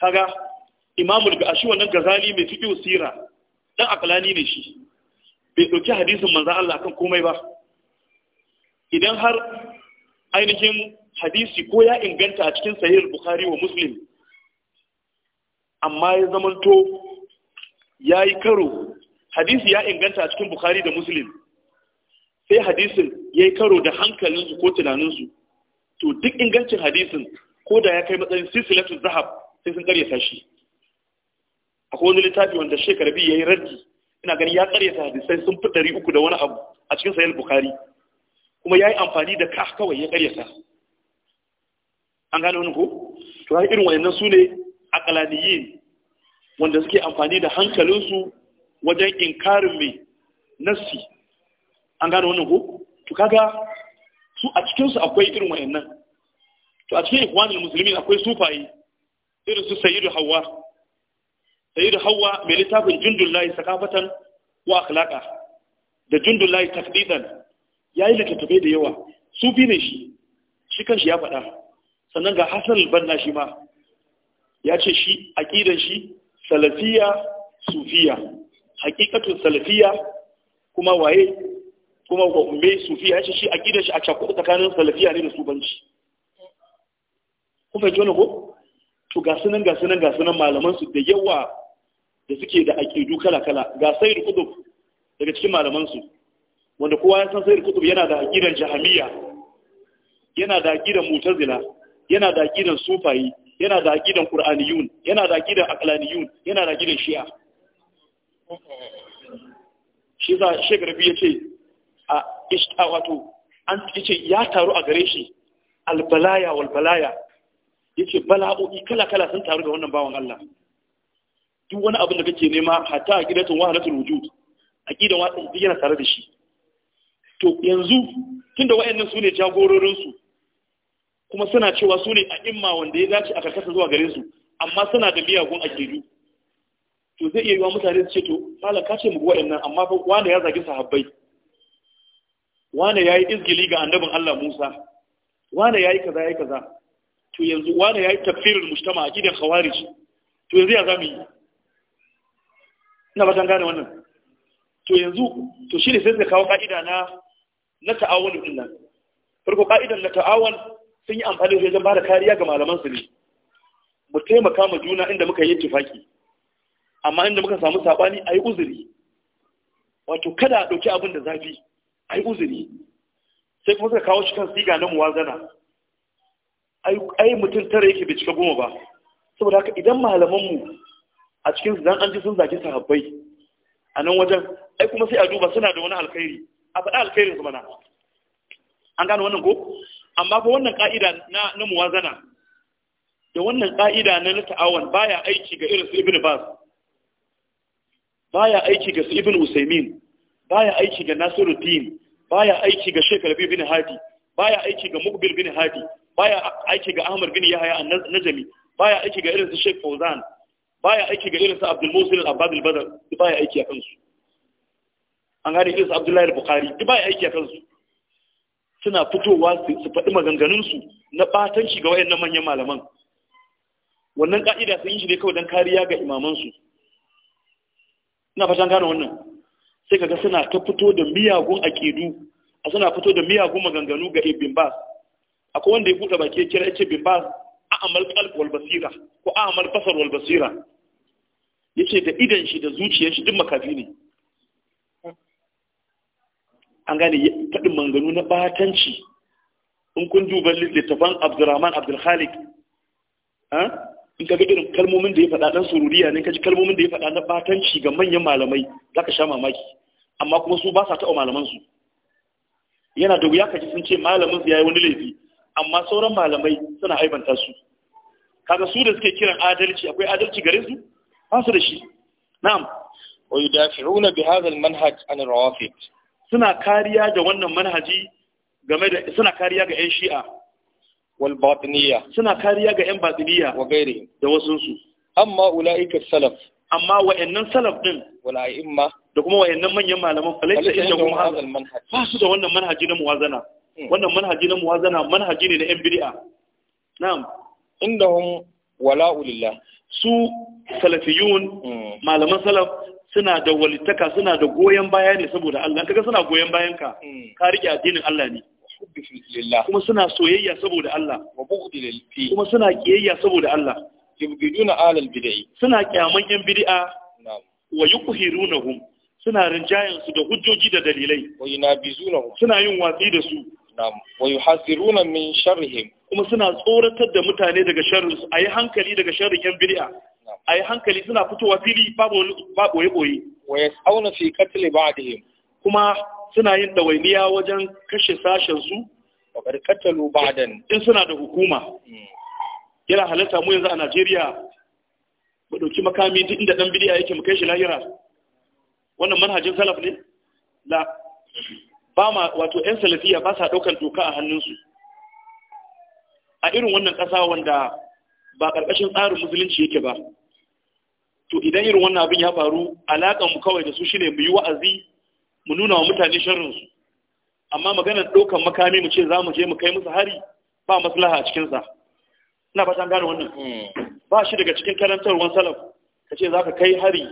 kaga imamul gashi wannan gazali mai fiqh sira dan akalani ne shi bai ɗauki hadisin manzan Allah kan komai ba idan har ainihin hadisi ko ya inganta a cikin sahih bukhari wa muslim amma ya zamanto ya yi karo hadisi ya inganta a cikin bukari da muslim sai hadisin ya yi karo da hankalinsu ko tunaninsu to duk ingancin hadisin ko da ya kai matsayin sisilatun zahab sai sun karyata shi akwai wani littafi wanda shekara biyu ya yi raddi ina ganin ya karyata hadisai sun fi ɗari uku da wani abu a cikin sayar bukari kuma ya yi amfani da ka kawai ya karyata an gane wani ko to irin wayannan su ne akalaniyin wanda suke amfani da hankalinsu wajen inkarin mai nassi an gano wannan ko to kaga su a cikinsu akwai irin wayannan to a cikin ikwanin musulmi akwai sufaye irin su sayyidu hawa sayyidu hawa mai littafin jundun layi sakafatan wa akhlaqa da jundun layi takdidan yayi littattafai da yawa sufi ne shi shi kanshi ya faɗa sannan ga hasan albanna shi ma ya ce shi ƙidan shi salafiya sufiya hakikatun salafiya kuma waye kuma gwamme sufiya ya ce shi ƙidan shi a cakuɗa tsakanin salafiya ne da sufanci kun fahimci wani ko to ga nan ga nan ga nan malamansu da yawa da suke da aƙidu kala kala ga sai kudu daga cikin malamansu wanda kowa ya san sai kudu yana da aƙidan jahamiya yana da aqidan mutazila yana da aƙidan sufayi yana da aqidan qur'aniyun yana da aqidan aqlaniyun yana da aqidan shi'a shi za shi garbi yace a ishta wato an yace ya taru a gare shi albalaya wal balaya yace bala'o'i kala kala sun taru ga wannan bawan Allah duk wani abin da kake nema hatta aqidatun wahalatul wujud aqidan wadan yana tare da shi to yanzu tunda wayannan ne jagororin su kuma suna cewa su ne a imma wanda ya dace a karkasa zuwa gare su amma suna da miyagun akidu to zai iya yiwa mutane su ce to malam ka ce muku waɗannan amma fa wanda ya zagi sahabbai wane ya yi izgili ga annabin Allah Musa wane ya yi kaza ya yi kaza to yanzu wane ya yi tafsirin mujtama a gidan khawarij to yanzu ya za mu yi ina batan gane wannan to yanzu to shi ne sai kawo ka'ida na na ta'awun din nan farko ka'idan na ta'awun sun yi amfani wajen ba da kariya ga malaman su ne mu taimaka ma juna inda muka yi tufaki amma inda muka samu sabani ayi uzuri wato kada a dauki abin da zafi ayi uzuri sai kuma suka kawo shi kan siga na muwazana ai mutum tara yake bai cika goma ba saboda haka idan malaman mu a cikin zan an ji sun zaki sahabbai a nan wajen ai kuma sai a duba suna da wani alkhairi a faɗa alkhairin su mana an gano wannan ko amma ba wannan ka'ida na na muwazana da wannan ka'ida na ta'awan baya aiki ga irin su ibn bas baya aiki ga su ibn usaimin baya aiki ga nasiruddin baya aiki ga shekar bin hadi baya aiki ga mukbil bin hadi baya aiki ga ahmad bin yahya an-najmi baya aiki ga irin su sheikh fauzan baya aiki ga irin su abdul musil al-abbad al-badr baya aiki a kansu an gane irin su abdullahi al-bukhari baya aiki a kansu suna fitowa su faɗi maganganunsu na ɓatanci ga wayannan manyan malaman wannan ƙa'ida sun yi shi ne kawai don kariya ga imamansu ina fatan gane wannan sai kaga suna ta fito da miyagun aƙidu a suna fito da miyagun maganganu ga ibn bas akwai wanda ya buɗe baki kira yace ibn bas a'mal qalb wal basira ko a'mal basar wal basira yace da idan shi da zuciyar shi duk makafi ne an gane faɗin manganu na batanci in kun duba littafan Abdulrahman abdulkhalik in ka ga irin kalmomin da ya faɗa ɗan sururiya ne ka ji kalmomin da ya faɗa na batanci ga manyan malamai za ka sha mamaki amma kuma su ba sa taɓa malamansu yana da wuya ka ji sun ce malamin su ya yi wani laifi amma sauran malamai suna aibanta su kaga su da suke kiran adalci akwai adalci gare su ba su da shi na'am wa yudafi'una bi hadha al-manhaj an rawafid suna kariya da wannan manhaji game da suna kariya ga 'yan shi'a wal batiniya suna kariya ga 'yan batiniya wa gairi da wasunsu amma ula'ika salaf amma wa'annan salaf din wala imma da kuma wa'annan manyan malaman falaita inda kuma hazal manhaj ba su da wannan manhaji na muwazana hmm. wannan manhaji na muwazana manhaji ne na 'yan bid'a na'am indahum wala'u lillah su salafiyun hmm. malaman salaf suna da walittaka suna da goyon baya ne saboda Allah kaga suna goyon bayan hmm. ka ka rike addinin Allah ne kuma suna soyayya saboda Allah kuma suna kiyayya saboda Allah yubghiduna alal bid'i suna kyaman yan bid'a wa yuqhirunahum suna rinjayen su da hujjoji da dalilai wa yunabizuna suna yin watsi da su Wai wa yuhaziruna min sharrihim kuma suna tsoratar da mutane daga sharrin su ayi hankali daga sharrin yan bid'a ayi hankali suna fitowa fili babu babu yaboyi wa yas'auna fi da ba'dihim kuma suna yin dawainiya wajen kashe sashen su wa qatalu ba'dan in suna da hukuma hmm. yana halatta mu yanzu a Najeriya mu dauki makami duk inda dan bid'a yake mu kai shi lahira wannan manhajin salaf ne la ba ma wato yan salafiya ba sa ɗaukar doka a hannunsu a irin wannan ƙasa wanda ba ƙarƙashin tsarin musulunci yake ba to idan irin wannan abin ya faru alaƙan mu kawai da su shine mu yi wa'azi mu nuna wa mutane sharrin su amma maganar ɗaukan makami mu ce za mu je mu kai musu hari ba maslaha a cikin sa ina fatan gane wannan hmm. ba shi daga cikin karantarwar salaf ka ce za ka kai hari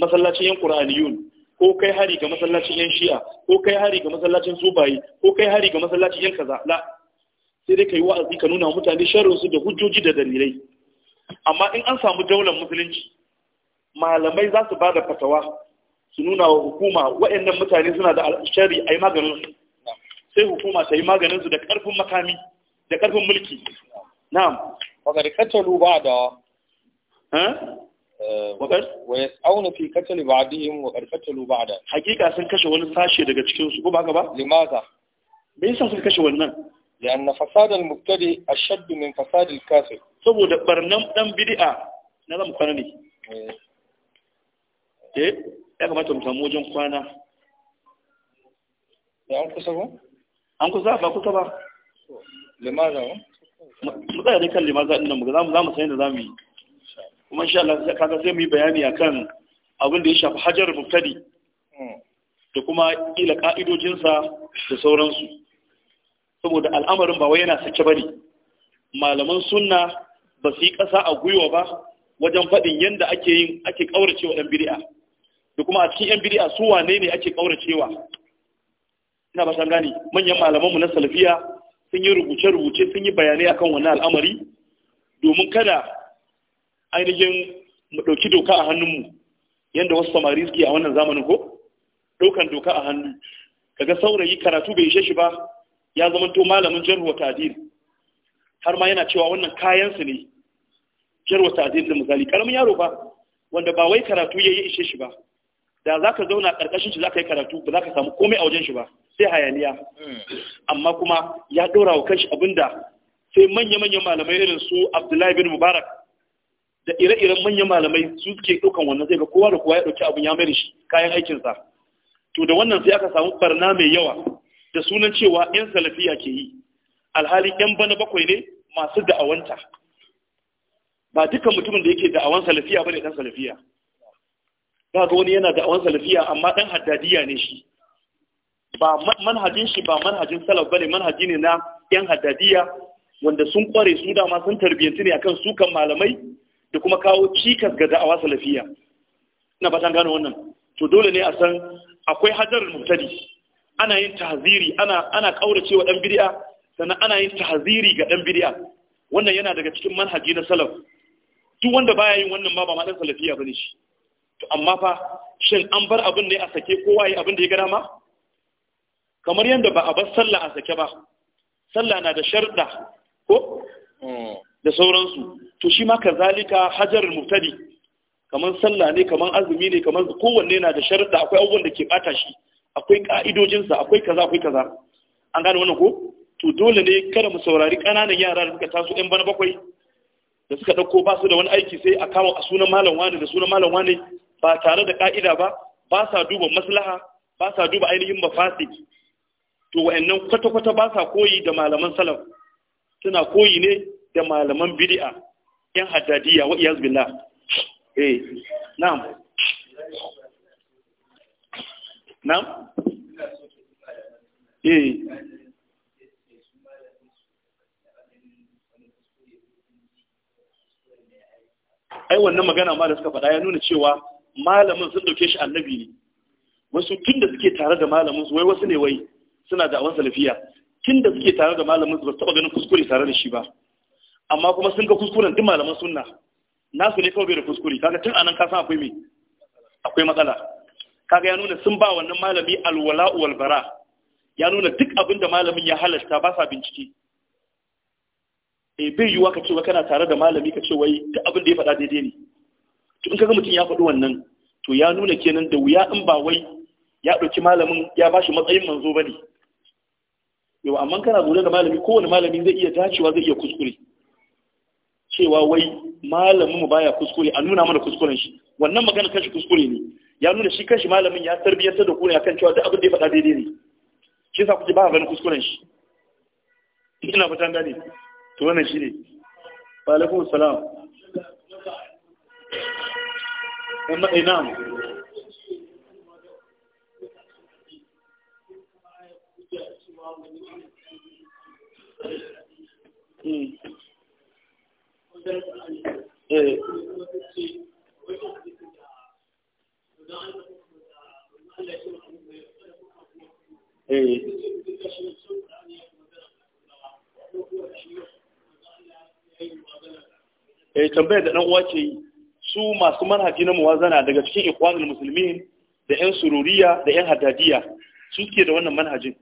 masallacin yan qur'aniyun ko kai hari ga masallacin yan shi'a ko kai hari ga masallacin subayi ko kai hari ga masallacin yan kaza la sai dai kai wa'azi ka nuna mutane sharrin su da hujjoji da dalilai amma in an samu daular musulunci malamai za su ba fatawa su nuna wa hukuma waɗannan mutane suna da shari a yi maganinsu sai hukuma ta yi su da ƙarfin makami da ƙarfin mulki na'am ba ga rikatalu ba da wa yas'auna fi qatl ba'dihim wa qad qatalu ba'da hakika sun kashe wani sashe daga cikin su ko ba ba limaza me yasa sun kashe wannan لأن فساد المبتدئ أشد من فساد الكافر سبو ده برنام دم بدعة نذا مقنني eh ya kamata mu samu wajen kwana ya an kusa ba an kusa ba kusa ba limaza mu tsaya dai kan limaza din nan mu za mu san da za mu yi kuma insha Allah kaga sai mu yi bayani akan abin da ya shafi hajar mubtadi hmm. da kuma ila ka'idojinsa da sauransu saboda al'amarin ba wai yana sake bane malaman sunna ba su yi ƙasa a gwiwa ba wajen faɗin yadda ake yin ake ƙauracewa ɗan bid'a da kuma a cikin ɗan bid'a su wane ne ake ƙauracewa ina ba san gane manyan malaman mu na salafiya sun yi rubuce-rubuce sun yi bayanai akan wannan al'amari domin kada ainihin mu ɗauki doka a hannunmu yadda wasu samari suke a wannan zamanin ko ɗaukan doka a hannu kaga saurayi karatu bai ishe shi ba ya zama to malamin jarwa tadil har ma yana cewa wannan kayansu ne jarwa tadil da misali karamin yaro ba wanda ba wai karatu ya yi ishe shi ba da za ka zauna ƙarƙashin shi za ka yi karatu ba za ka samu komai a wajen shi ba sai hayaniya hmm. amma kuma ya ɗora wa kanshi abinda sai manya-manyan malamai irin su abdullahi bin mubarak da ire-iren manyan malamai su suke ɗaukan wannan zai ga kowa da kowa ya ɗauki abin ya mai shi kayan aikinsa to da wannan sai aka samu barna mai yawa da sunan cewa 'yan salafiya ke yi alhali 'yan bana bakwai ne masu da'awanta ba dukkan mutumin da yake da'awan salafiya ba ne dan salafiya ba ga wani yana da'awan salafiya amma dan haddadiya ne shi ba manhajin shi ba manhajin salaf bane manhaji ne na 'yan haddadiya wanda sun kware su dama sun tarbiyyantu ne akan sukan malamai da kuma kawo cikas ga da'awa salafiya ina fatan gano wannan to dole ne a san akwai hadarin mutadi ana yin tahziri ana ana kaurace wa dan bid'a sannan ana yin tahziri ga dan bid'a wannan yana daga cikin manhaji na salaf duk wanda baya yin wannan ma ba ma dan salafiya bane shi to amma fa shin an bar abin ne a sake kowa yi abin da ya gada ma kamar yadda ba a bar sallah a sake ba sallah na da sharda ko hmm. da sauransu to shi ma kazalika hajarin mubtadi kaman sallah ne kaman azumi ne kaman kowanne na da sharuɗa akwai abubuwan da ke bata shi akwai ƙa'idojinsa, akwai kaza akwai kaza an gane wannan ko to dole ne kada mu saurari ƙananan yara da suka taso ɗan bana bakwai da suka ɗauko ba su da wani aiki sai a kama a sunan malam wani da sunan malam wani ba tare da ƙa'ida ba ba sa duba maslaha ba sa duba ainihin mafasi to wa'annan kwata-kwata ba sa koyi da malaman salaf suna koyi ne da malaman bid'a yan haddadiya wa iyaz billah eh na'am na'am eh ai wannan magana ma da suka faɗa ya nuna cewa malamin sun ɗauke shi annabi ne wasu tun da suke tare da malamin su wai wasu ne wai suna da awon salafiya tun da suke tare da malamin su ba su taɓa ganin kuskure tare da shi ba amma kuma sun ga kuskuren duk malaman sunna nasu ne kawai da kuskure kaga tun anan ka san akwai me akwai matsala kaga ya nuna sun ba wannan malami alwala wal bara ya nuna duk abin da malamin ya halasta ba sa bincike eh bai yuwa ka cewa kana tare da malami ka ce wai duk abin da ya faɗa daidai ne to in kaga mutum ya faɗi wannan to ya nuna kenan da wuya in ba wai ya ɗauki malamin ya ba shi matsayin manzo bane yau amma kana zo da malami kowane malami zai iya dacewa zai iya kuskure cewa wai malamin mu baya kuskure a nuna mana kuskuren shi wannan magana kashi kuskure ne ya nuna shi kashi malamin ya tarbiyyar da ku ne akan cewa duk abin da ya faɗa daidai ne shi sa kuke ba ganin kuskuren shi ina fatan ne to wannan shi ne wa alaikum assalam eh, amma ina Mm. hmm eh, eh. eh da dan uwa ce su masu manhaji na muwazana daga cikin ikwanul musulmin da yan sururiya da yan hadadiya su ke da wannan manhajin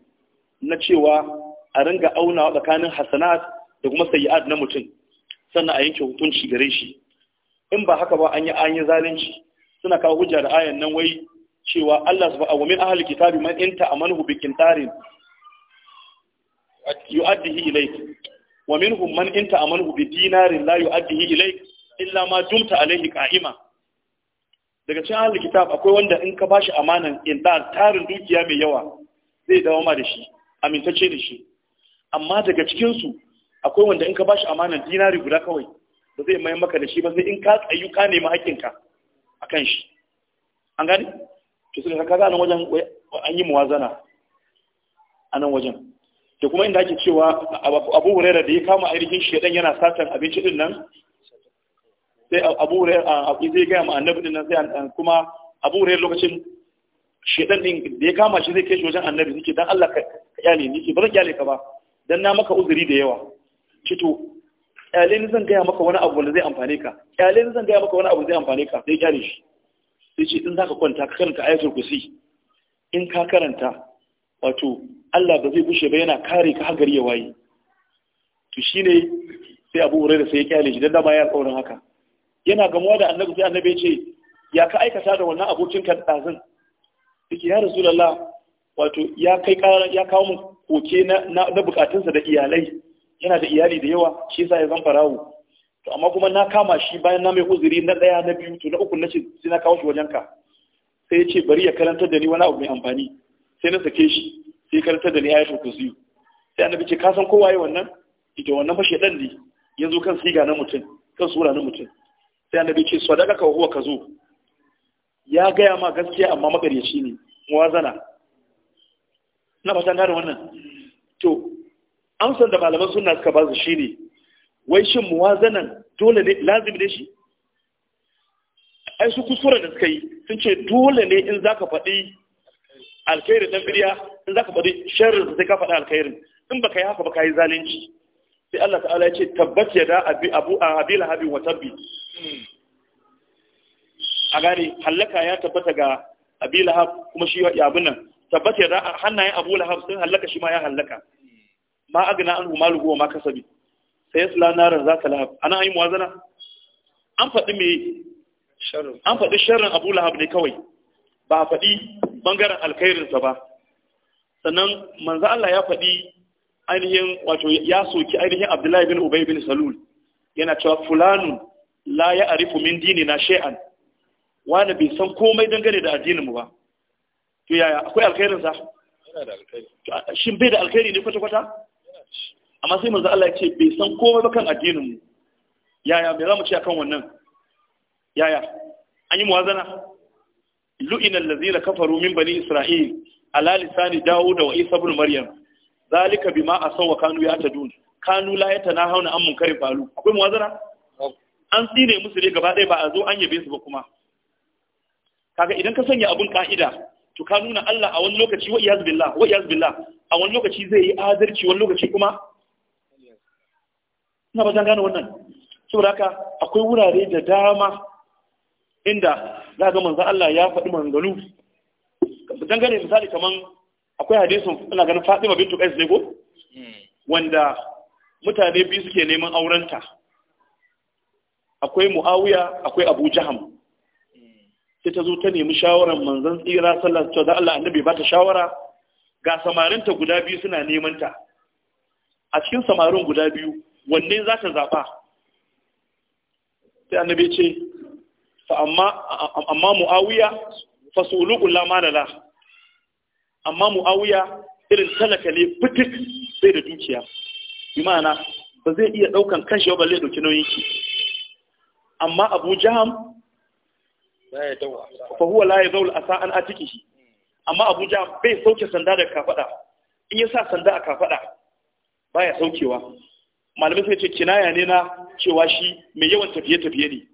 na cewa a ringa auna tsakanin hasanat da kuma sayyi'at na mutum sannan a yanke hukunci gare shi in ba haka ba an yi an yi zalunci suna kawo hujja da ayan nan wai cewa Allah subhanahu wa min ahli kitabi man inta amanu bi kintarin yu'addihi ilayk wa minhum man inta amanu bi dinarin la yu'addihi ilayk illa ma dumta alayhi qa'ima daga cikin ahli kitab akwai wanda in ka bashi amanan intar tarin dukiya mai yawa zai dawo ma da shi amintacce da shi amma daga cikin su akwai wanda in ka ba shi amanar dinari guda kawai ba zai mai maka da shi ba sai in ka tsayu ka nemi hakinka a kan shi an gani to suka a nan wajen an yi muwazana a nan wajen da kuma inda ake cewa abu da ya kama ainihin shaidan yana satan abinci din nan sai abu hurera abu zai gaya ma annabi din nan sai kuma abu hurera lokacin shedan din da ya kama shi zai kai shi wajen annabi yake dan Allah ka kyale ni ba zan kyale ka ba don na maka uzuri da yawa fito kyale ni zan gaya maka wani abu wanda zai amfane ka kyale ni zan gaya maka wani abu zai amfane ka sai kyale shi sai ce in ka kwanta ka karanta ayatul kursi in ka karanta wato Allah ba zai bushe ba yana kare ka har ya waye to shine sai Abu Hurairah sai ya kyale shi dan da ma ya alƙawarin haka yana gamuwa da Annabi sai Annabi ya ce ya ka aikata da wannan abokin ka dazin sai ya rasulullah wato ya kai ya kawo mun koke na na bukatunsa da iyalai yana da iyali da yawa shi yasa ya zan farawo to amma kuma na kama shi bayan na mai uzuri na daya na biyu to na uku na ce sai na kawo shi wajen ka sai ya ce bari ya karanta da ni wani abu mai amfani sai na sake shi sai karanta da ni ayatu kursiyu sai annabi ce ka san kowa yi wannan ita wannan fa shedan ne Yanzu kan siga na mutum kan sura na mutum sai annabi ce sadaka ka huwa ka zo ya gaya ma gaskiya amma magariyaci ne muwazana na fatan gane wannan to amsar da malaman suna suka ba su shi ne wai shin muwazanan dole ne lazim ne shi ai su kusura da suka yi sun ce dole ne in za ka faɗi alkhairin ɗan bidiya in za ka faɗi sharrin sai ka faɗi alkhairin in baka yi haka ba ka yi zalunci sai Allah ta'ala ya ce tabbat ya da abu a habila habin wa tabbi a gane hallaka ya tabbata ga abi lahab kuma shi ya abu nan tabbata ya da hannayen abu lahab sun hallaka shi ma ya hallaka ma agna anhu maluhu wa ma kasabi sai yasla naran za ta lahab ana ayi muwazana an faɗi me sharrin an faɗi sharrin Abu Lahab ne kawai ba a faɗi bangaren alkhairinsa ba sannan manzo Allah ya faɗi ainihin wato ya soki ainihin Abdullahi bin Ubay bin Salul yana cewa fulanun la ya arifu min dini na shay'an wani bai san komai dangane da addinin mu ba to yaya akwai alkhairin sa shin bai da alkhairi ne kwata kwata amma sai manzo Allah ya ce bai san komai ba kan addinin mu yaya me zamu ce akan wannan yaya an yi muwazana lu'ina allazina kafaru min bani isra'il ala lisani dawud wa isa ibn maryam zalika bima asaw wa kanu yatadun kanu la yatanahawna an munkari falu akwai muwazana an tsine musu ne gaba ɗaya ba a zo an yabe su ba kuma kaga idan ka sanya abun ka'ida to ka nuna Allah a wani lokaci wa iyaz billah wa iyaz billah a wani lokaci zai yi adalci wani lokaci kuma ina ba gane wannan saboda haka akwai wurare da dama inda za ga manzo Allah ya faɗi Zan dangane misali kaman akwai hadisin ina ganin Fatima bintu Qais ne ko hmm. wanda mutane biyu suke neman aurenta akwai Muawiya akwai Abu Jaham hmm. sai ta zo ta nemi shawaran manzon tsira sallallahu alaihi wasallam annabi ba ta shawara ga samarinta guda biyu suna neman ta a cikin samarin guda biyu wanne za ka zaɓa sai annabi ce fa amma mu'awiya fa sulukun la. amma mu'awiya irin talaka ne fitik sai da dukiya bi ma'ana ba zai iya ɗaukan kanshi ba zai ɗauki nauyin amma abu jaham fa huwa la yazawul asa an atikihi amma abu jaham bai sauke sanda da kafada in ya sa sanda a kafada baya saukewa malamai sai ce kinaya ne na cewa shi mai yawan tafiye-tafiye ne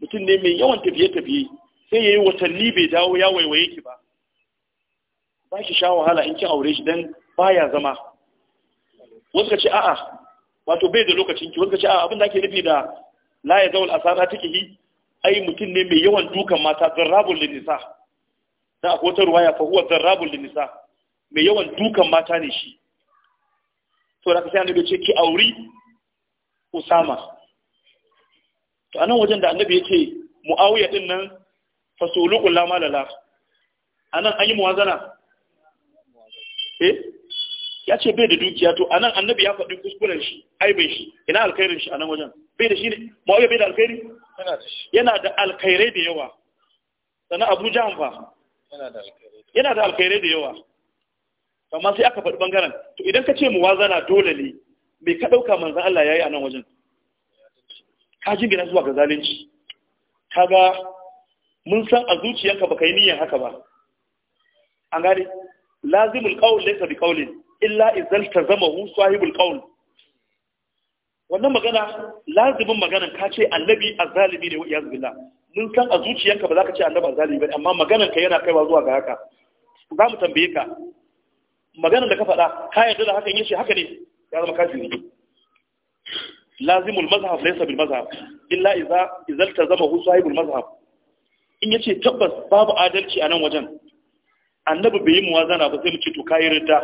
mutum ne mai yawan tafiye-tafiye sai ya yi watanni bai dawo ya waiwaye ki ba ba ki sha wahala in kin aure shi dan baya zama wasu ka ce a'a wato bai da lokacin ki wasu ka ce a'a abin da ake nufi da la ya zaul asara take yi ai mutum ne mai yawan dukan mata zarrabul linisa da akwai wata ruwaya fa huwa zarrabul linisa mai yawan dukan mata ne shi to da sai annabi ce ki auri usama to anan wajen da annabi yake muawiya din nan fasuluqul la malala anan an yi muwazana eh ya ce bai da dukiya to anan annabi ya faɗi kuskuren shi aibin shi ina alkhairin shi anan wajen bai da shi ne muawiya bai da alkhairi yana da alkhairai da yawa sannan abu jahan fa yana da alkhairai da yawa amma sai aka faɗi ɓangaren. to idan ka ce muwazana dole ne mai ka ɗauka manzan Allah ya yi a nan wajen ka gina zuwa ga zalunci ka ga mun san a zuciyanka baka yi niyyar haka ba an gane lazimul qawl laysa bi qawlin illa idzal tazamahu sahibul qawl wannan magana lazimin maganan ka ce annabi azzalimi ne wa iyaz billah mun san a zuciyanka ba za ka ce annabi azzalimi ba amma maganan ka yana kaiwa zuwa ga haka za mu tambaye ka maganar da ka faɗa ka yarda da hakan yace haka ne ya zama kafiri lazimul mazhab laysa bil mazhab illa idza idza tazamahu sahibul mazhab in yace tabbas babu adalci a nan wajen annabi bai yi muwazana ba sai mu ce to kai ridda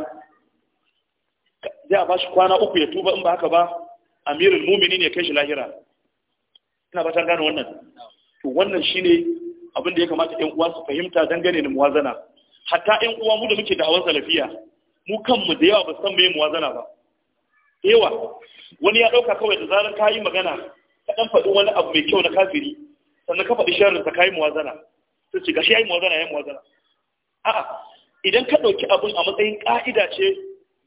zai a bashi kwana uku ya tuba in ba haka ba amirul mu'minin ya kai shi lahira ina ba ta gane wannan to wannan shine abin da ya kamata ɗan uwa su fahimta dangane da muwazana hatta ɗan uwa mu da muke da awan salafiya mu kanmu da yawa ba san mai muwazana ba yawa wani ya dauka kawai da zarar ka yi magana ka dan faɗi wani abu mai kyau na kafiri sannan ka faɗi sharrin ka yi muwazana sai ce gashi yayi muwazana yi muwazana a'a idan ka dauki abun a matsayin ka'ida ce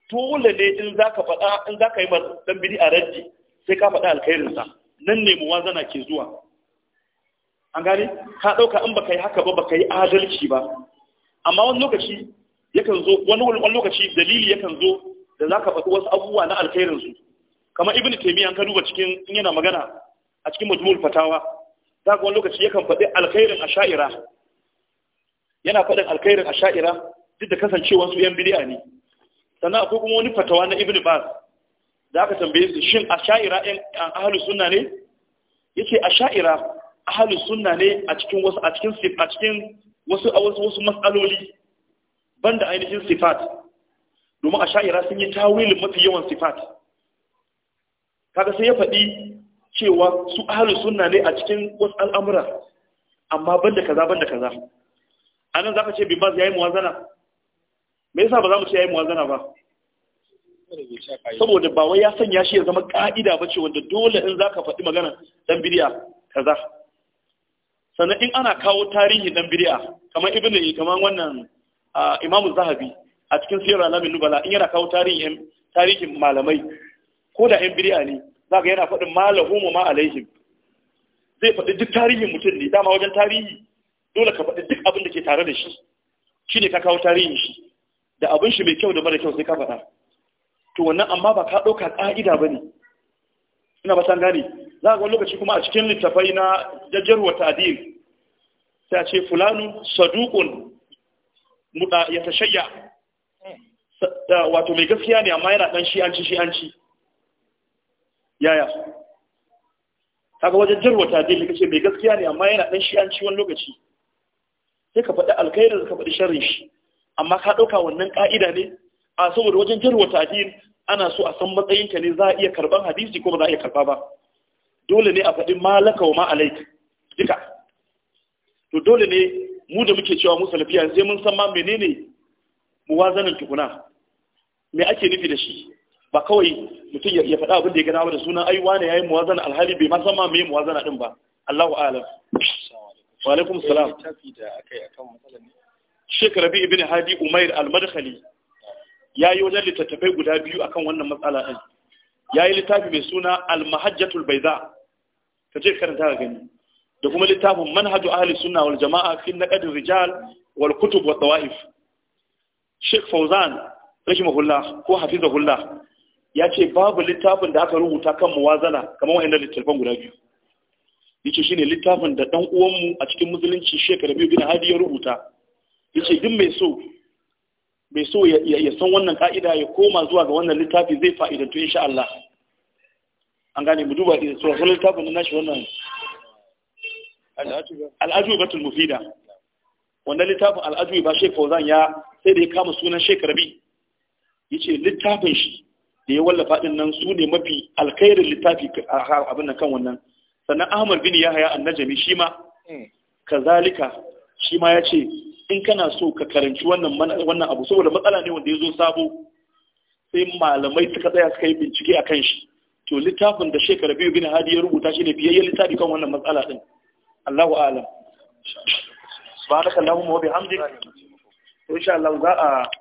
dole ne in zaka faɗa in zaka yi dan a raddi sai ka faɗi alkhairin sa nan ne muwazana ke zuwa an gane ka dauka in baka yi haka ba baka yi adalci ba amma wani lokaci yakan zo wani lokaci dalili yakan zo da zaka faɗi wasu abubuwa na alkhairin su kamar ibn taymiya ka duba cikin in yana magana a cikin majmu'ul fatawa zaka wani lokaci yakan faɗi alkhairin asha'ira yana faɗin alkhairin asha'ira duk da kasancewar su yan bid'a ne sannan akwai kuma wani fatawa na ibn baz da aka tambaye su shin asha'ira ɗin ahlus sunna ne yace asha'ira ahlus sunna ne a cikin wasu a cikin a cikin wasu wasu mas'aloli banda ainihin sifat domin a sha'ira sun yi tawilin mafi yawan sifat kaga sai ya faɗi cewa su ahalu sunna ne a cikin wasu al'amura amma banda kaza banda kaza a nan za ka ce bimbaz ya yi muwazana me yasa ba za mu ce ya yi muwazana ba saboda ba wai ya sanya shi ya zama ka'ida ba ce wanda dole in za ka faɗi magana dan bidiya kaza sannan in ana kawo tarihi dan bidiya kamar ibn kamar wannan imamu zahabi a cikin siyar alamin nubala in yana kawo tarihin malamai ko da yan biriya ne za ka yana faɗin malahu ma alaihim zai faɗi duk tarihin mutum ne dama wajen tarihi dole ka faɗi duk abin da ke tare da shi shi ne ka kawo tarihin shi da abin shi mai kyau da mara kyau sai ka faɗa to wannan amma ba ka ɗauka ƙa'ida ba ne ina ba san gane za a lokaci kuma a cikin littafai na jajjarwa ta'adil ta ce fulanu saduqun muda ya tashayya wato mai gaskiya ne amma yana dan an ci yaya kaga wajen jarwata dai kace mai gaskiya ne amma yana dan ci wani lokaci sai ka faɗi alkhairin ka faɗi sharrin shi amma ka ɗauka wannan ƙa'ida ne a saboda wajen jarwata addini ana so a san matsayinka ne za a iya karɓar hadisi ko ba za a iya karɓa ba dole ne a faɗi malaka wa ma'alaik duka to dole ne mu da muke cewa mu salafiya sai mun san ma menene muwazanin tukuna me ake nufi da shi ba kawai mutum ya faɗa abin da ya gana da sunan ai wane yayi muwazana alhali bai ma san ma me muwazana din ba Allahu a'lam wa alaikum salam Sheikh Rabi ibn Hadi Umair al-Madkhali yayi wajen littattafai guda biyu akan wannan matsala din yayi littafi mai suna al-Mahajjatul Bayda kaje karanta ka gani da kuma littafin manhajo ahli sunna wal jama'a fi naqd rijal wal kutub wa tawaif Sheikh Fauzan rahimahullah ko hafizahullah ya ce babu littafin da aka rubuta kan muwazana kamar wa'annan littafin guda biyu yace shine littafin da dan uwanmu a cikin musulunci shekara biyu bin hadi ya rubuta yace duk mai so mai so ya san wannan ka'ida ya koma zuwa ga wannan littafi zai fa'idantu insha Allah an gane mu duba da sauran littafin da shi wannan batun mufida wanda littafin ba shek zan ya sai da ya kama sunan shek Ya ce littafin shi da ya wallafa din nan su ne mafi alkairin littafi a abin kan wannan sannan ahmad bin yahaya annajami shi ma hmm. kazalika shi ma ya ce in kana so ka karanci wannan abu saboda matsala ne wanda ya zo sabo sai malamai suka tsaya suka yi bincike a kan shi to littafin da shekara biyu bin hadi ya rubuta shi ne fiyayyen littafi kan wannan matsala din Allah Allahu a'lam subhanaka allahumma wa bihamdik to insha Allah za a